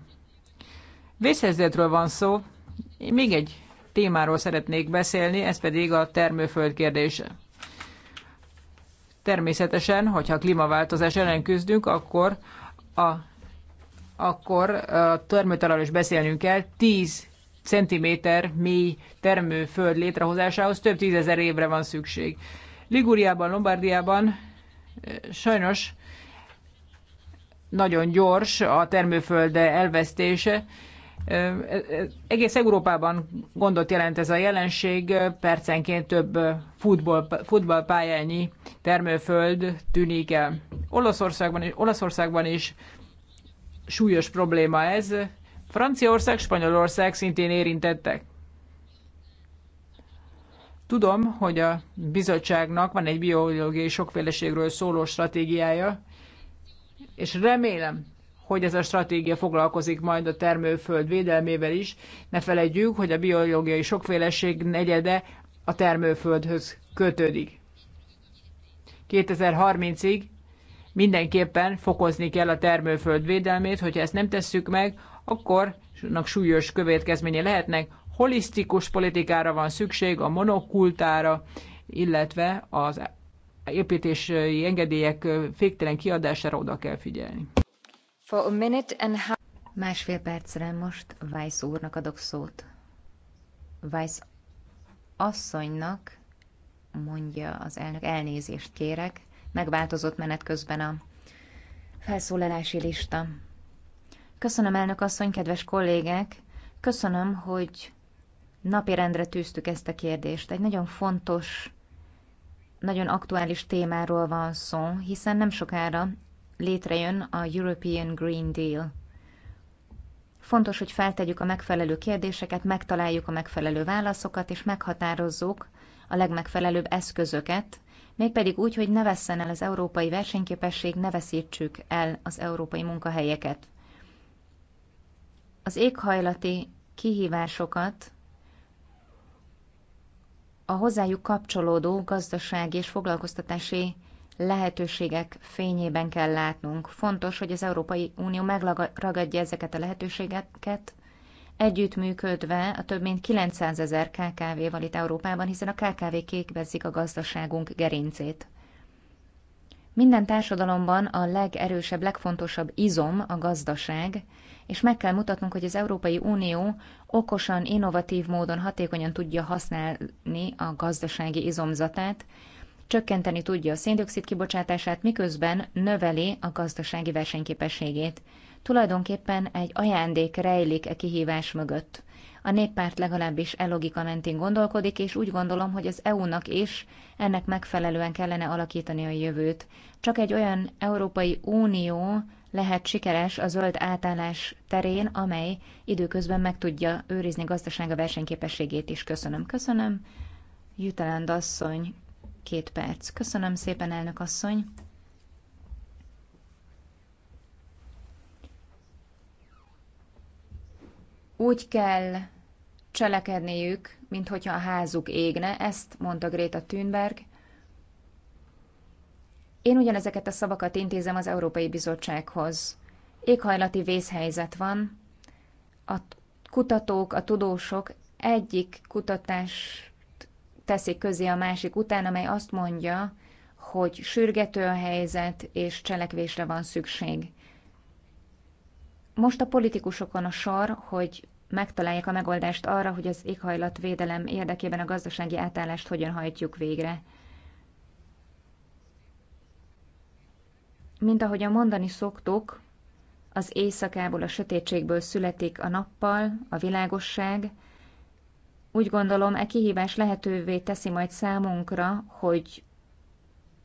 Vészhelyzetről van szó. Én még egy témáról szeretnék beszélni, ez pedig a termőföld kérdése. Természetesen, hogyha a klímaváltozás ellen küzdünk, akkor a, akkor a termőtalál is beszélnünk kell. 10 centiméter mély termőföld létrehozásához több tízezer évre van szükség. Liguriában, Lombardiában eh, sajnos nagyon gyors a termőföld elvesztése. Eh, egész Európában gondot jelent ez a jelenség, eh, percenként több futball, futballpályányi termőföld tűnik el. Olaszországban is, Olaszországban is súlyos probléma ez, Franciaország, Spanyolország szintén érintettek. Tudom, hogy a bizottságnak van egy biológiai sokféleségről szóló stratégiája, és remélem, hogy ez a stratégia foglalkozik majd a termőföld védelmével is. Ne felejtjük, hogy a biológiai sokféleség negyede a termőföldhöz kötődik. 2030-ig mindenképpen fokozni kell a termőföld védelmét, hogyha ezt nem tesszük meg, akkor súlyos következménye lehetnek. Holisztikus politikára van szükség, a monokultára, illetve az építési engedélyek féktelen kiadására oda kell figyelni. For a minute and half... Másfél percre most Weiss úrnak adok szót. Weiss asszonynak mondja az elnök, elnézést kérek, megváltozott menet közben a felszólalási lista. Köszönöm, elnök asszony, kedves kollégek! Köszönöm, hogy napirendre tűztük ezt a kérdést. Egy nagyon fontos, nagyon aktuális témáról van szó, hiszen nem sokára létrejön a European Green Deal. Fontos, hogy feltegyük a megfelelő kérdéseket, megtaláljuk a megfelelő válaszokat, és meghatározzuk a legmegfelelőbb eszközöket, mégpedig úgy, hogy ne vesszen el az európai versenyképesség, ne veszítsük el az európai munkahelyeket az éghajlati kihívásokat a hozzájuk kapcsolódó gazdasági és foglalkoztatási lehetőségek fényében kell látnunk. Fontos, hogy az Európai Unió megragadja ezeket a lehetőségeket, együttműködve a több mint 900 ezer KKV-val itt Európában, hiszen a KKV kékbezik a gazdaságunk gerincét. Minden társadalomban a legerősebb, legfontosabb izom a gazdaság, és meg kell mutatnunk, hogy az Európai Unió okosan, innovatív módon hatékonyan tudja használni a gazdasági izomzatát, csökkenteni tudja a széndiokszid kibocsátását, miközben növeli a gazdasági versenyképességét. Tulajdonképpen egy ajándék rejlik a e kihívás mögött. A néppárt legalábbis elogika mentén gondolkodik, és úgy gondolom, hogy az EU-nak is ennek megfelelően kellene alakítani a jövőt. Csak egy olyan Európai Unió lehet sikeres a zöld átállás terén, amely időközben meg tudja őrizni gazdasága versenyképességét is. Köszönöm, köszönöm. Jutaland asszony, két perc. Köszönöm szépen, elnök asszony. Úgy kell cselekedniük, mint hogyha a házuk égne, ezt mondta Greta Thunberg, én ugyanezeket a szavakat intézem az Európai Bizottsághoz. Éghajlati vészhelyzet van. A kutatók, a tudósok egyik kutatást teszik közé a másik után, amely azt mondja, hogy sürgető a helyzet, és cselekvésre van szükség. Most a politikusokon a sor, hogy megtalálják a megoldást arra, hogy az éghajlatvédelem érdekében a gazdasági átállást hogyan hajtjuk végre. Mint ahogy a mondani szoktuk, az éjszakából, a sötétségből születik a nappal, a világosság. Úgy gondolom, e kihívás lehetővé teszi majd számunkra, hogy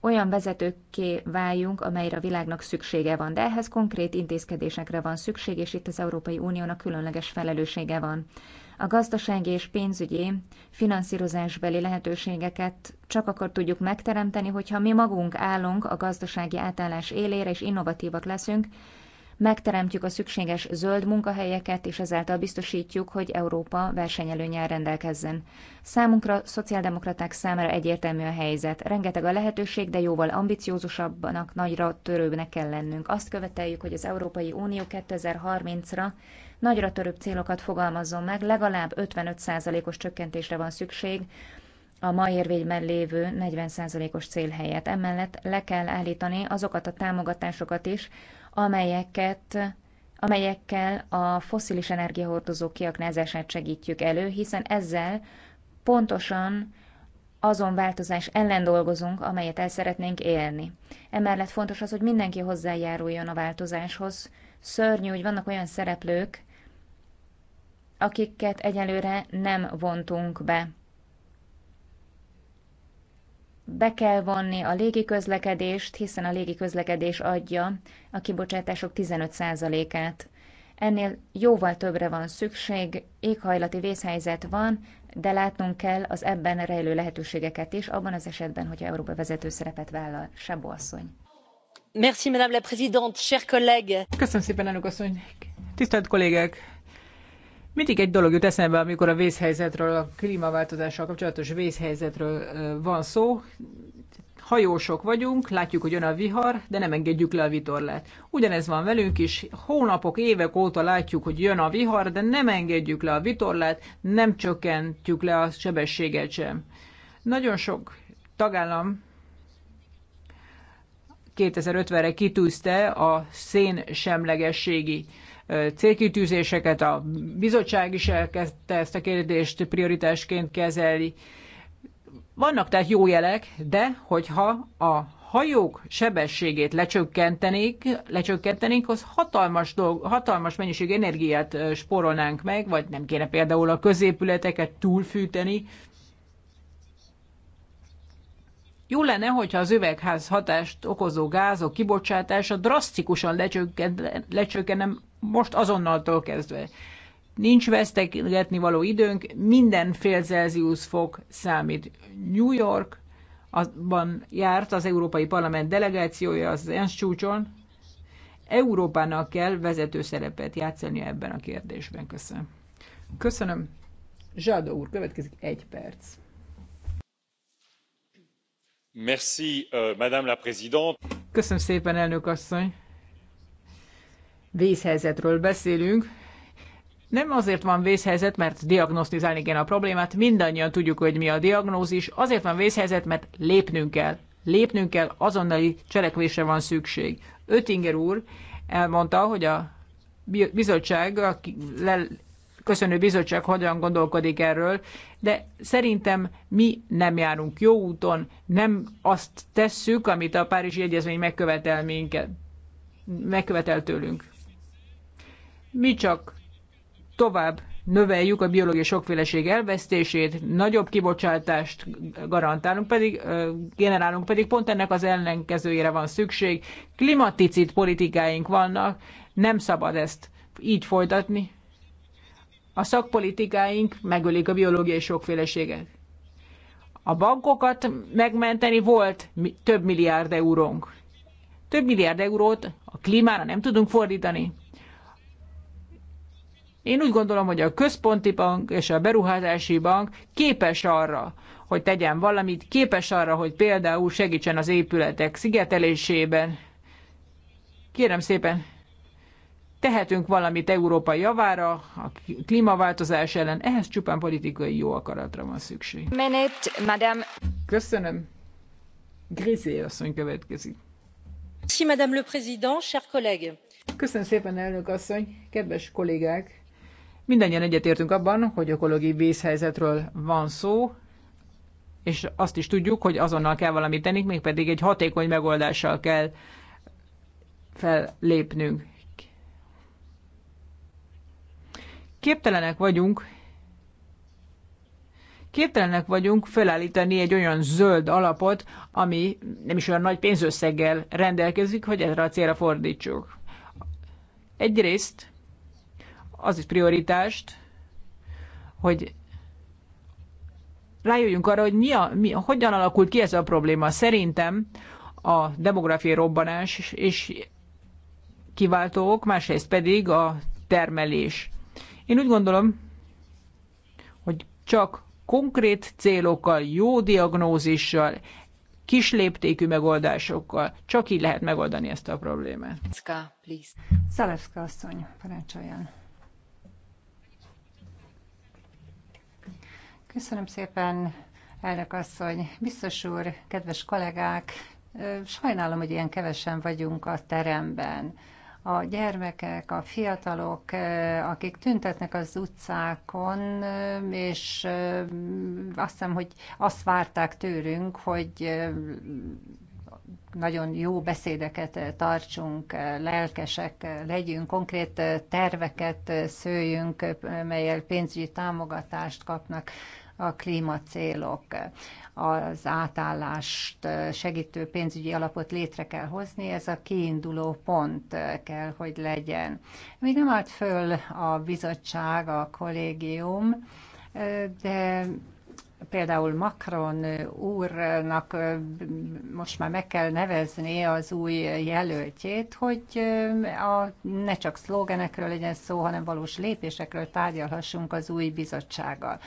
olyan vezetőkké váljunk, amelyre a világnak szüksége van, de ehhez konkrét intézkedésekre van szükség, és itt az Európai Uniónak különleges felelőssége van. A gazdasági és pénzügyi finanszírozásbeli lehetőségeket csak akkor tudjuk megteremteni, hogyha mi magunk állunk a gazdasági átállás élére és innovatívak leszünk, megteremtjük a szükséges zöld munkahelyeket, és ezáltal biztosítjuk, hogy Európa versenyelőnyel rendelkezzen. Számunkra, szociáldemokraták számára egyértelmű a helyzet. Rengeteg a lehetőség, de jóval ambiciózusabbnak, nagyra törőbbnek kell lennünk. Azt követeljük, hogy az Európai Unió 2030-ra nagyra törőbb célokat fogalmazzon meg, legalább 55%-os csökkentésre van szükség a ma érvényben lévő 40%-os cél helyett. Emellett le kell állítani azokat a támogatásokat is, amelyeket amelyekkel a foszilis energiahordozók kiaknázását segítjük elő, hiszen ezzel pontosan azon változás ellen dolgozunk, amelyet el szeretnénk élni. Emellett fontos az, hogy mindenki hozzájáruljon a változáshoz. Szörnyű, hogy vannak olyan szereplők, akiket egyelőre nem vontunk be. Be kell vonni a légiközlekedést, hiszen a légiközlekedés adja a kibocsátások 15%-át. Ennél jóval többre van szükség, éghajlati vészhelyzet van, de látnunk kell az ebben rejlő lehetőségeket is, abban az esetben, hogyha Európa vezető szerepet vállal. Sebo asszony. Merci, Madame la Présidente, chers collègues. Köszönöm szépen, elnök asszony. Tisztelt kollégek, mindig egy dolog jut eszembe, amikor a vészhelyzetről, a klímaváltozással kapcsolatos vészhelyzetről van szó. Hajósok vagyunk, látjuk, hogy jön a vihar, de nem engedjük le a vitorlát. Ugyanez van velünk is, hónapok, évek óta látjuk, hogy jön a vihar, de nem engedjük le a vitorlát, nem csökkentjük le a sebességet sem. Nagyon sok tagállam 2050-re kitűzte a szén semlegességi célkitűzéseket, a bizottság is elkezdte ezt a kérdést prioritásként kezelni. Vannak tehát jó jelek, de hogyha a hajók sebességét lecsökkentenék, lecsökkentenénk, az hatalmas, dolg, hatalmas mennyiség energiát spórolnánk meg, vagy nem kéne például a középületeket túlfűteni, jó lenne, hogyha az üvegház hatást okozó gázok kibocsátása drasztikusan lecsökken, lecsökkenne most azonnaltól kezdve. Nincs vesztegetni való időnk, minden fél Celsius fok számít. New York, azban járt az Európai Parlament delegációja az ENSZ csúcson. Európának kell vezető szerepet játszani ebben a kérdésben. Köszönöm. Köszönöm. Zsáda úr, következik egy perc. Euh, Köszönöm szépen, elnök asszony. Vészhelyzetről beszélünk. Nem azért van vészhelyzet, mert diagnosztizálni kell a problémát, mindannyian tudjuk, hogy mi a diagnózis, azért van vészhelyzet, mert lépnünk kell. Lépnünk kell, azonnali cselekvésre van szükség. Öttinger úr elmondta, hogy a bizottság a köszönő bizottság hogyan gondolkodik erről, de szerintem mi nem járunk jó úton, nem azt tesszük, amit a Párizsi Egyezmény megkövetel minket, megkövetel tőlünk. Mi csak tovább növeljük a biológiai sokféleség elvesztését, nagyobb kibocsátást garantálunk, pedig, generálunk, pedig pont ennek az ellenkezőjére van szükség. Klimaticid politikáink vannak, nem szabad ezt így folytatni a szakpolitikáink megölik a biológiai sokféleséget. A bankokat megmenteni volt több milliárd eurónk. Több milliárd eurót a klímára nem tudunk fordítani. Én úgy gondolom, hogy a központi bank és a beruházási bank képes arra, hogy tegyen valamit, képes arra, hogy például segítsen az épületek szigetelésében. Kérem szépen, tehetünk valamit Európa javára, a klímaváltozás ellen, ehhez csupán politikai jó akaratra van szükség. Minute, madame. Köszönöm. Grisé asszony következik. Merci, madame le président, chers collègues. Köszönöm szépen, elnök asszony, kedves kollégák! Mindannyian egyetértünk abban, hogy ökológiai vészhelyzetről van szó, és azt is tudjuk, hogy azonnal kell valamit tenni, mégpedig egy hatékony megoldással kell fellépnünk. Képtelenek vagyunk képtelenek vagyunk felállítani egy olyan zöld alapot, ami nem is olyan nagy pénzösszeggel rendelkezik, hogy erre a célra fordítsuk. Egyrészt az is prioritást, hogy rájöjjünk arra, hogy mi a, mi, hogyan alakult ki ez a probléma. Szerintem a demográfiai robbanás és kiváltó ok, másrészt pedig a termelés. Én úgy gondolom, hogy csak konkrét célokkal, jó diagnózissal, kisléptékű megoldásokkal csak így lehet megoldani ezt a problémát. Szalevszka, please. Szalevszka asszony, parancsoljon. Köszönöm szépen, elnök asszony, biztos úr, kedves kollégák, sajnálom, hogy ilyen kevesen vagyunk a teremben a gyermekek, a fiatalok, akik tüntetnek az utcákon, és azt hiszem, hogy azt várták tőlünk, hogy nagyon jó beszédeket tartsunk, lelkesek legyünk, konkrét terveket szőjünk, melyel pénzügyi támogatást kapnak a klímacélok az átállást segítő pénzügyi alapot létre kell hozni, ez a kiinduló pont kell, hogy legyen. Még nem állt föl a bizottság, a kollégium, de például Macron úrnak most már meg kell nevezni az új jelöltjét, hogy a, ne csak szlógenekről legyen szó, hanem valós lépésekről tárgyalhassunk az új bizottsággal.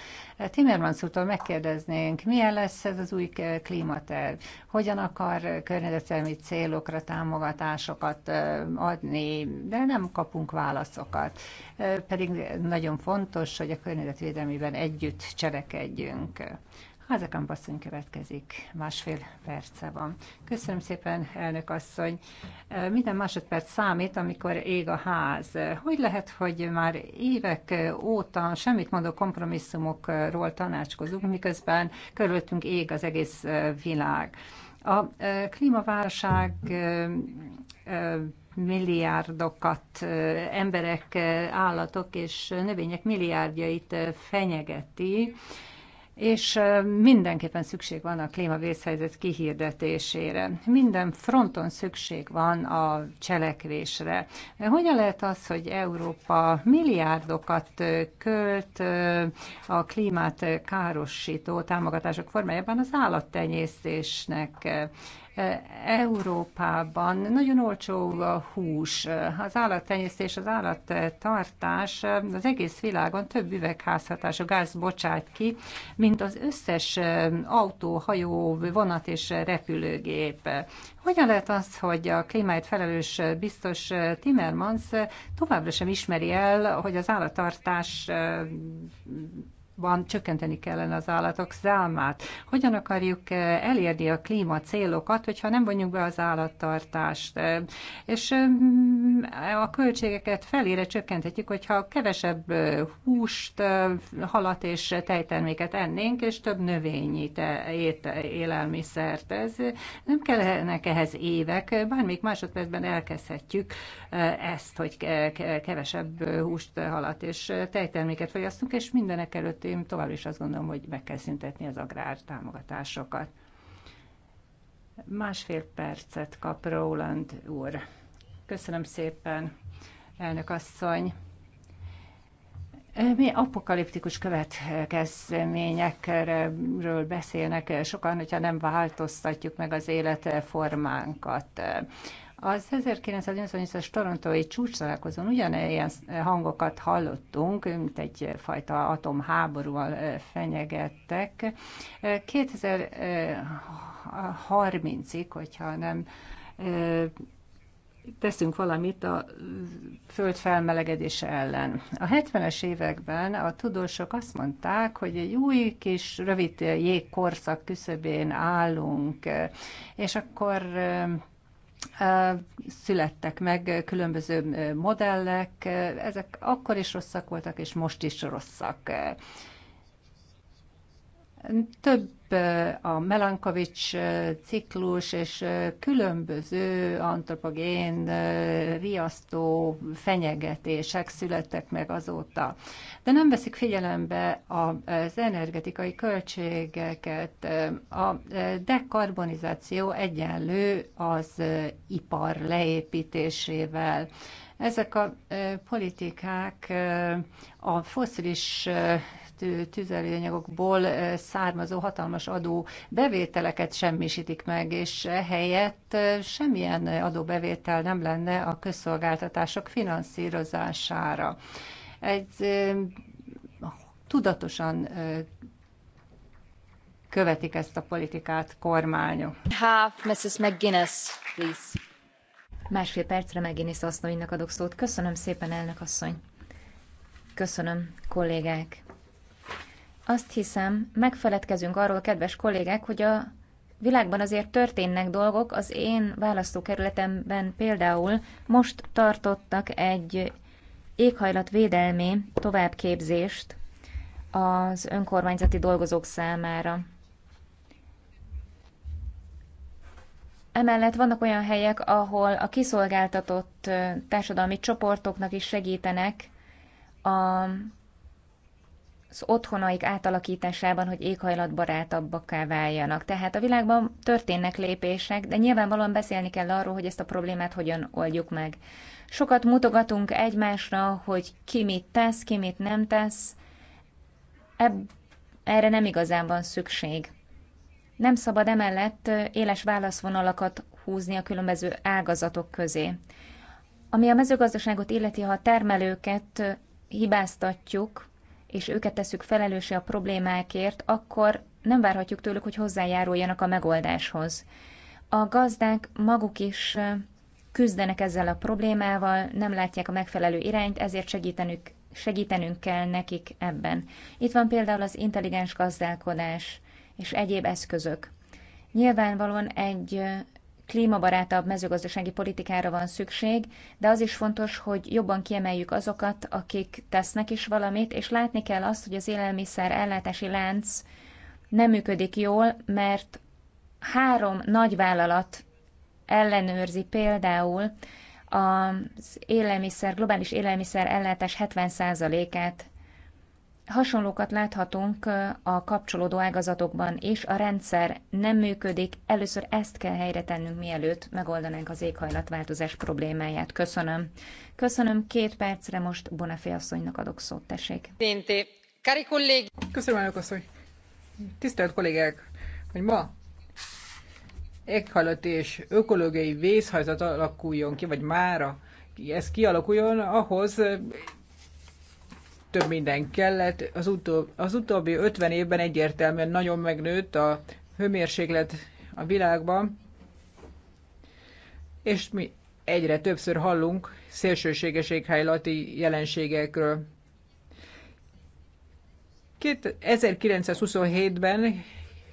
Timmermans úrtól megkérdeznénk, milyen lesz ez az új klímaterv, hogyan akar környezetelmi célokra támogatásokat adni, de nem kapunk válaszokat. Pedig nagyon fontos, hogy a környezetvédelmiben együtt cselekedjünk. Házakamp asszony következik, másfél perce van. Köszönöm szépen, elnök asszony. Minden másodperc számít, amikor ég a ház. Hogy lehet, hogy már évek óta semmit mondó kompromisszumokról tanácskozunk, miközben körülöttünk ég az egész világ. A klímaválság milliárdokat, emberek, állatok és növények milliárdjait fenyegeti, és mindenképpen szükség van a klímavészhelyzet kihirdetésére. Minden fronton szükség van a cselekvésre. Hogyan lehet az, hogy Európa milliárdokat költ a klímát károsító támogatások formájában az állattenyésztésnek? Európában nagyon olcsó a hús. Az állattenyésztés, az állattartás az egész világon több üvegházhatású gáz bocsát ki, mint az összes autó, hajó, vonat és repülőgép. Hogyan lehet az, hogy a klímáért felelős biztos Timmermans továbbra sem ismeri el, hogy az állattartás van csökkenteni kellene az állatok számát. Hogyan akarjuk eh, elérni a klíma célokat, hogyha nem vonjuk be az állattartást? Eh, és eh, mm, a költségeket felére csökkenthetjük, hogyha kevesebb húst, halat és tejterméket ennénk, és több növényit, élelmiszert. Ez nem kellenek ehhez évek, bármik másodpercben elkezdhetjük ezt, hogy kevesebb húst, halat és tejterméket fogyasztunk, és mindenek előtt én továbbra is azt gondolom, hogy meg kell szüntetni az agrár támogatásokat. Másfél percet kap Roland úr. Köszönöm szépen, elnök asszony. Mi apokaliptikus következményekről beszélnek sokan, hogyha nem változtatjuk meg az életformánkat. Az 1988-as torontói csúcs találkozón ugyanilyen hangokat hallottunk, mint egyfajta atomháborúval fenyegettek. 2030-ig, hogyha nem teszünk valamit a föld felmelegedése ellen. A 70-es években a tudósok azt mondták, hogy egy új kis rövid jégkorszak küszöbén állunk, és akkor születtek meg különböző modellek, ezek akkor is rosszak voltak, és most is rosszak. Több a Melankovics ciklus és különböző antropogén riasztó fenyegetések születtek meg azóta. De nem veszik figyelembe az energetikai költségeket. A dekarbonizáció egyenlő az ipar leépítésével. Ezek a politikák a foszilis égető tüzelőanyagokból származó hatalmas adó bevételeket semmisítik meg, és helyett semmilyen adóbevétel nem lenne a közszolgáltatások finanszírozására. Egy tudatosan követik ezt a politikát kormányok. Half, Mrs. McGuinness, please. Másfél percre McGuinness asszonynak adok szót. Köszönöm szépen, elnök asszony. Köszönöm, kollégák. Azt hiszem, megfeledkezünk arról, kedves kollégák, hogy a világban azért történnek dolgok. Az én választókerületemben például most tartottak egy éghajlatvédelmi továbbképzést az önkormányzati dolgozók számára. Emellett vannak olyan helyek, ahol a kiszolgáltatott társadalmi csoportoknak is segítenek a az otthonaik átalakításában, hogy éghajlatbarátabbakká váljanak. Tehát a világban történnek lépések, de nyilvánvalóan beszélni kell arról, hogy ezt a problémát hogyan oldjuk meg. Sokat mutogatunk egymásra, hogy ki mit tesz, ki mit nem tesz. Ebb, erre nem igazán van szükség. Nem szabad emellett éles válaszvonalakat húzni a különböző ágazatok közé. Ami a mezőgazdaságot illeti, ha a termelőket hibáztatjuk, és őket tesszük felelőse a problémákért, akkor nem várhatjuk tőlük, hogy hozzájáruljanak a megoldáshoz. A gazdák maguk is küzdenek ezzel a problémával, nem látják a megfelelő irányt, ezért segítenük, segítenünk kell nekik ebben. Itt van például az intelligens gazdálkodás és egyéb eszközök. Nyilvánvalóan egy klímabarátabb mezőgazdasági politikára van szükség, de az is fontos, hogy jobban kiemeljük azokat, akik tesznek is valamit, és látni kell azt, hogy az élelmiszer ellátási lánc nem működik jól, mert három nagyvállalat ellenőrzi például az élelmiszer, globális élelmiszer ellátás 70%-át. Hasonlókat láthatunk a kapcsolódó ágazatokban, és a rendszer nem működik. Először ezt kell helyre tennünk, mielőtt megoldanánk az éghajlatváltozás problémáját. Köszönöm. Köszönöm. Két percre most Bonafé asszonynak adok szót, tessék. Köszönöm, elnök asszony. Tisztelt kollégák, hogy ma éghajlat és ökológiai vészhajzat alakuljon ki, vagy mára ez kialakuljon, ahhoz több minden kellett. Az, utol, az utóbbi 50 évben egyértelműen nagyon megnőtt a hőmérséklet a világban, és mi egyre többször hallunk szélsőséges éghajlati jelenségekről. 1927-ben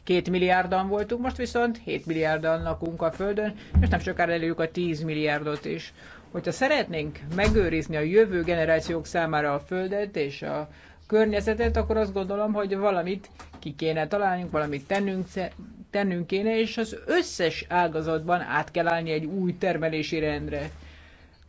2 milliárdan voltunk, most viszont 7 milliárdan lakunk a Földön, és nem sokára előjük a 10 milliárdot is. Hogyha szeretnénk megőrizni a jövő generációk számára a Földet és a környezetet, akkor azt gondolom, hogy valamit ki kéne találnunk, valamit tennünk, tennünk kéne, és az összes ágazatban át kell állni egy új termelési rendre.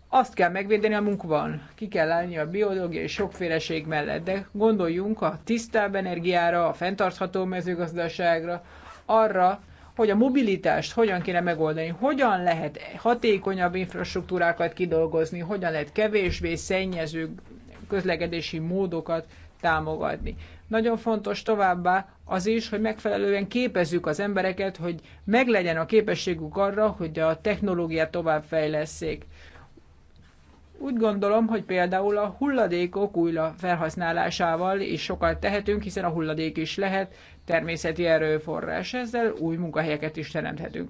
Azt kell megvédeni, amunk van. Ki kell állni a biológiai sokféleség mellett, de gondoljunk a tisztább energiára, a fenntartható mezőgazdaságra, arra, hogy a mobilitást hogyan kéne megoldani, hogyan lehet hatékonyabb infrastruktúrákat kidolgozni, hogyan lehet kevésbé szennyező közlekedési módokat támogatni. Nagyon fontos továbbá az is, hogy megfelelően képezzük az embereket, hogy meglegyen a képességük arra, hogy a technológiát továbbfejlesszék. Úgy gondolom, hogy például a hulladékok újra felhasználásával is sokat tehetünk, hiszen a hulladék is lehet természeti erőforrás, ezzel új munkahelyeket is teremthetünk.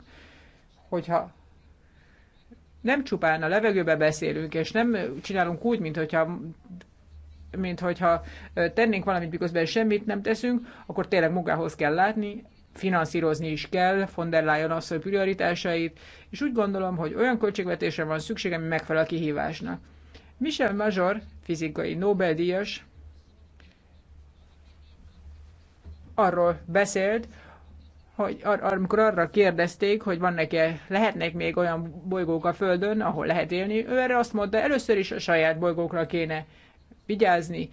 Hogyha nem csupán a levegőbe beszélünk, és nem csinálunk úgy, mint hogyha mint hogyha tennénk valamit, miközben semmit nem teszünk, akkor tényleg munkához kell látni, finanszírozni is kell von der Leyen asszony prioritásait, és úgy gondolom, hogy olyan költségvetésre van szükség, ami megfelel a kihívásnak. Michel Major, fizikai Nobel-díjas, arról beszélt, hogy ar- amikor arra kérdezték, hogy van e lehetnek még olyan bolygók a Földön, ahol lehet élni, ő erre azt mondta, először is a saját bolygókra kéne vigyázni,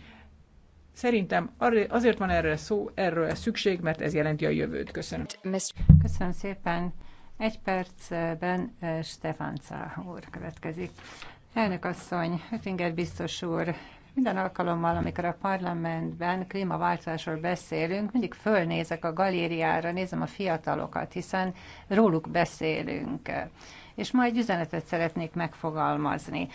Szerintem azért van erre szó, erről szükség, mert ez jelenti a jövőt. Köszönöm. Köszönöm szépen. Egy percben eh, Stefán úr következik. Elnök asszony, Ötinger biztos úr, minden alkalommal, amikor a parlamentben klímaváltozásról beszélünk, mindig fölnézek a galériára, nézem a fiatalokat, hiszen róluk beszélünk. És ma egy üzenetet szeretnék megfogalmazni.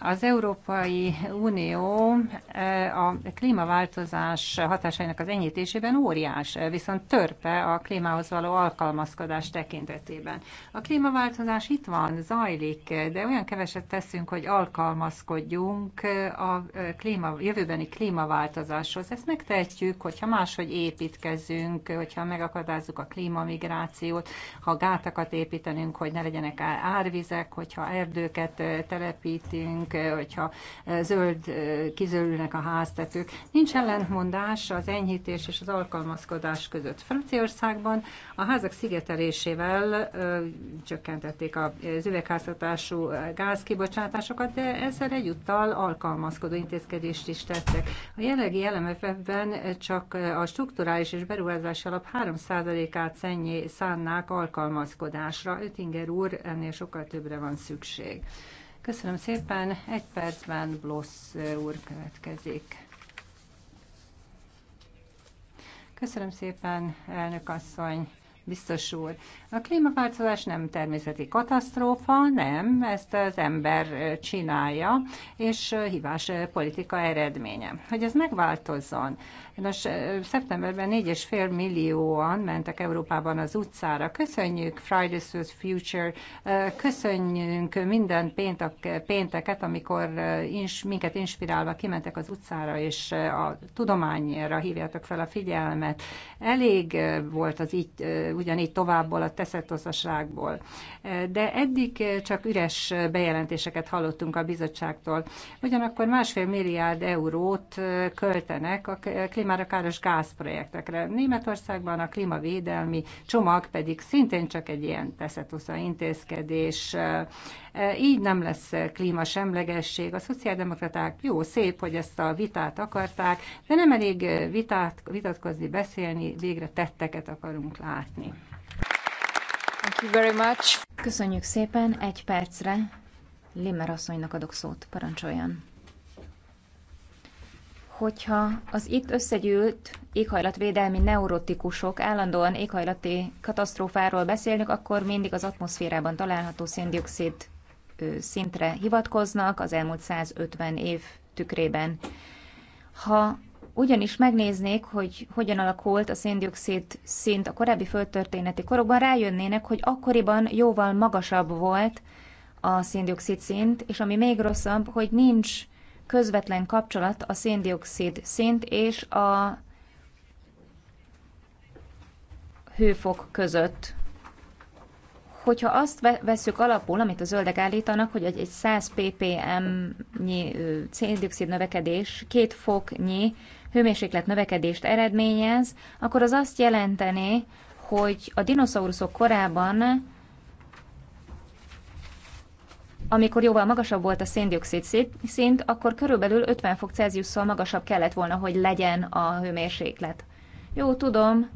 Az Európai Unió e, a klímaváltozás hatásainak az enyhítésében óriás, e, viszont törpe a klímához való alkalmazkodás tekintetében. A klímaváltozás itt van, zajlik, de olyan keveset teszünk, hogy alkalmazkodjunk a e, klíma, jövőbeni klímaváltozáshoz. Ezt megtehetjük, hogyha máshogy építkezünk, hogyha megakadázzuk a klímamigrációt, ha gátakat építenünk, hogy ne legyenek árvizek, hogyha erdőket telepítünk, vagyunk, eh, hogyha eh, zöld eh, kizöldülnek a háztetők. Nincs ellentmondás az enyhítés és az alkalmazkodás között. Franciaországban a házak szigetelésével csökkentették a üvegházhatású gázkibocsátásokat, de ezzel egyúttal alkalmazkodó intézkedést is tettek. A jelenlegi lmff csak a strukturális és beruházás alap 3%-át szennyi szánnák alkalmazkodásra. Ötinger úr, ennél sokkal többre van szükség. Köszönöm szépen. Egy percben Blossz úr következik. Köszönöm szépen, elnök asszony biztos úr. A klímaváltozás nem természeti katasztrófa, nem, ezt az ember csinálja, és hibás politika eredménye. Hogy ez megváltozzon. Nos, szeptemberben 4,5 millióan mentek Európában az utcára. Köszönjük Fridays for Future, köszönjünk minden péntek, pénteket, amikor ins, minket inspirálva kimentek az utcára, és a tudományra hívjátok fel a figyelmet. Elég volt az így ugyanígy továbbból a teszetosszaságból. De eddig csak üres bejelentéseket hallottunk a bizottságtól. Ugyanakkor másfél milliárd eurót költenek a klímára káros gázprojektekre. Németországban a klímavédelmi csomag pedig szintén csak egy ilyen teszetosza intézkedés E, így nem lesz klímasemlegesség. A szociáldemokraták jó, szép, hogy ezt a vitát akarták, de nem elég vitát, vitatkozni, beszélni, végre tetteket akarunk látni. Thank you very much. Köszönjük szépen, egy percre Limer asszonynak adok szót, parancsoljon hogyha az itt összegyűlt éghajlatvédelmi neurotikusok állandóan éghajlati katasztrófáról beszélnek, akkor mindig az atmoszférában található széndiokszid szintre hivatkoznak az elmúlt 150 év tükrében. Ha ugyanis megnéznék, hogy hogyan alakult a széndiokszid szint a korábbi földtörténeti korokban, rájönnének, hogy akkoriban jóval magasabb volt a széndiokszid szint, és ami még rosszabb, hogy nincs közvetlen kapcsolat a széndiokszid szint és a hőfok között hogyha azt vesszük alapul, amit a zöldek állítanak, hogy egy 100 ppm-nyi széndiokszid növekedés, két foknyi hőmérséklet növekedést eredményez, akkor az azt jelentené, hogy a dinoszauruszok korában, amikor jóval magasabb volt a széndiokszid szint, akkor körülbelül 50 fok Celsiusszal magasabb kellett volna, hogy legyen a hőmérséklet. Jó, tudom,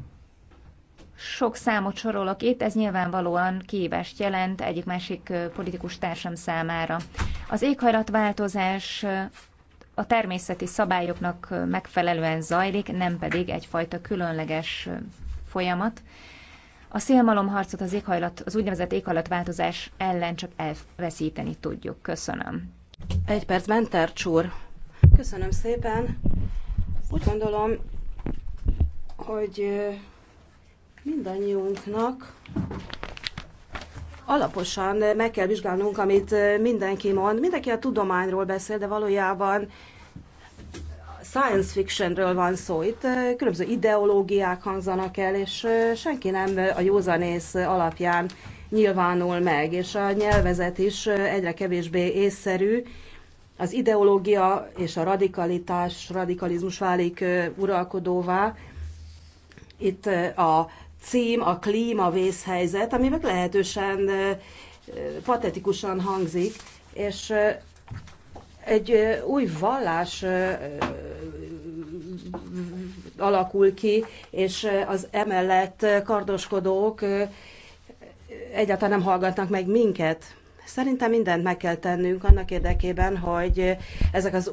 sok számot sorolok itt, ez nyilvánvalóan kívást jelent egyik másik politikus társam számára. Az éghajlatváltozás a természeti szabályoknak megfelelően zajlik, nem pedig egyfajta különleges folyamat. A szélmalomharcot az, éghajlat, az úgynevezett éghajlatváltozás ellen csak elveszíteni tudjuk. Köszönöm. Egy percben, Tercsúr. Köszönöm szépen. Úgy gondolom, hogy mindannyiunknak alaposan meg kell vizsgálnunk, amit mindenki mond. Mindenki a tudományról beszél, de valójában science fictionről van szó. Itt különböző ideológiák hangzanak el, és senki nem a józanész alapján nyilvánul meg, és a nyelvezet is egyre kevésbé észszerű. Az ideológia és a radikalitás, radikalizmus válik uralkodóvá. Itt a cím a klímavészhelyzet, ami meglehetősen patetikusan hangzik, és egy új vallás alakul ki, és az emellett kardoskodók egyáltalán nem hallgatnak meg minket. Szerintem mindent meg kell tennünk annak érdekében, hogy ezek az új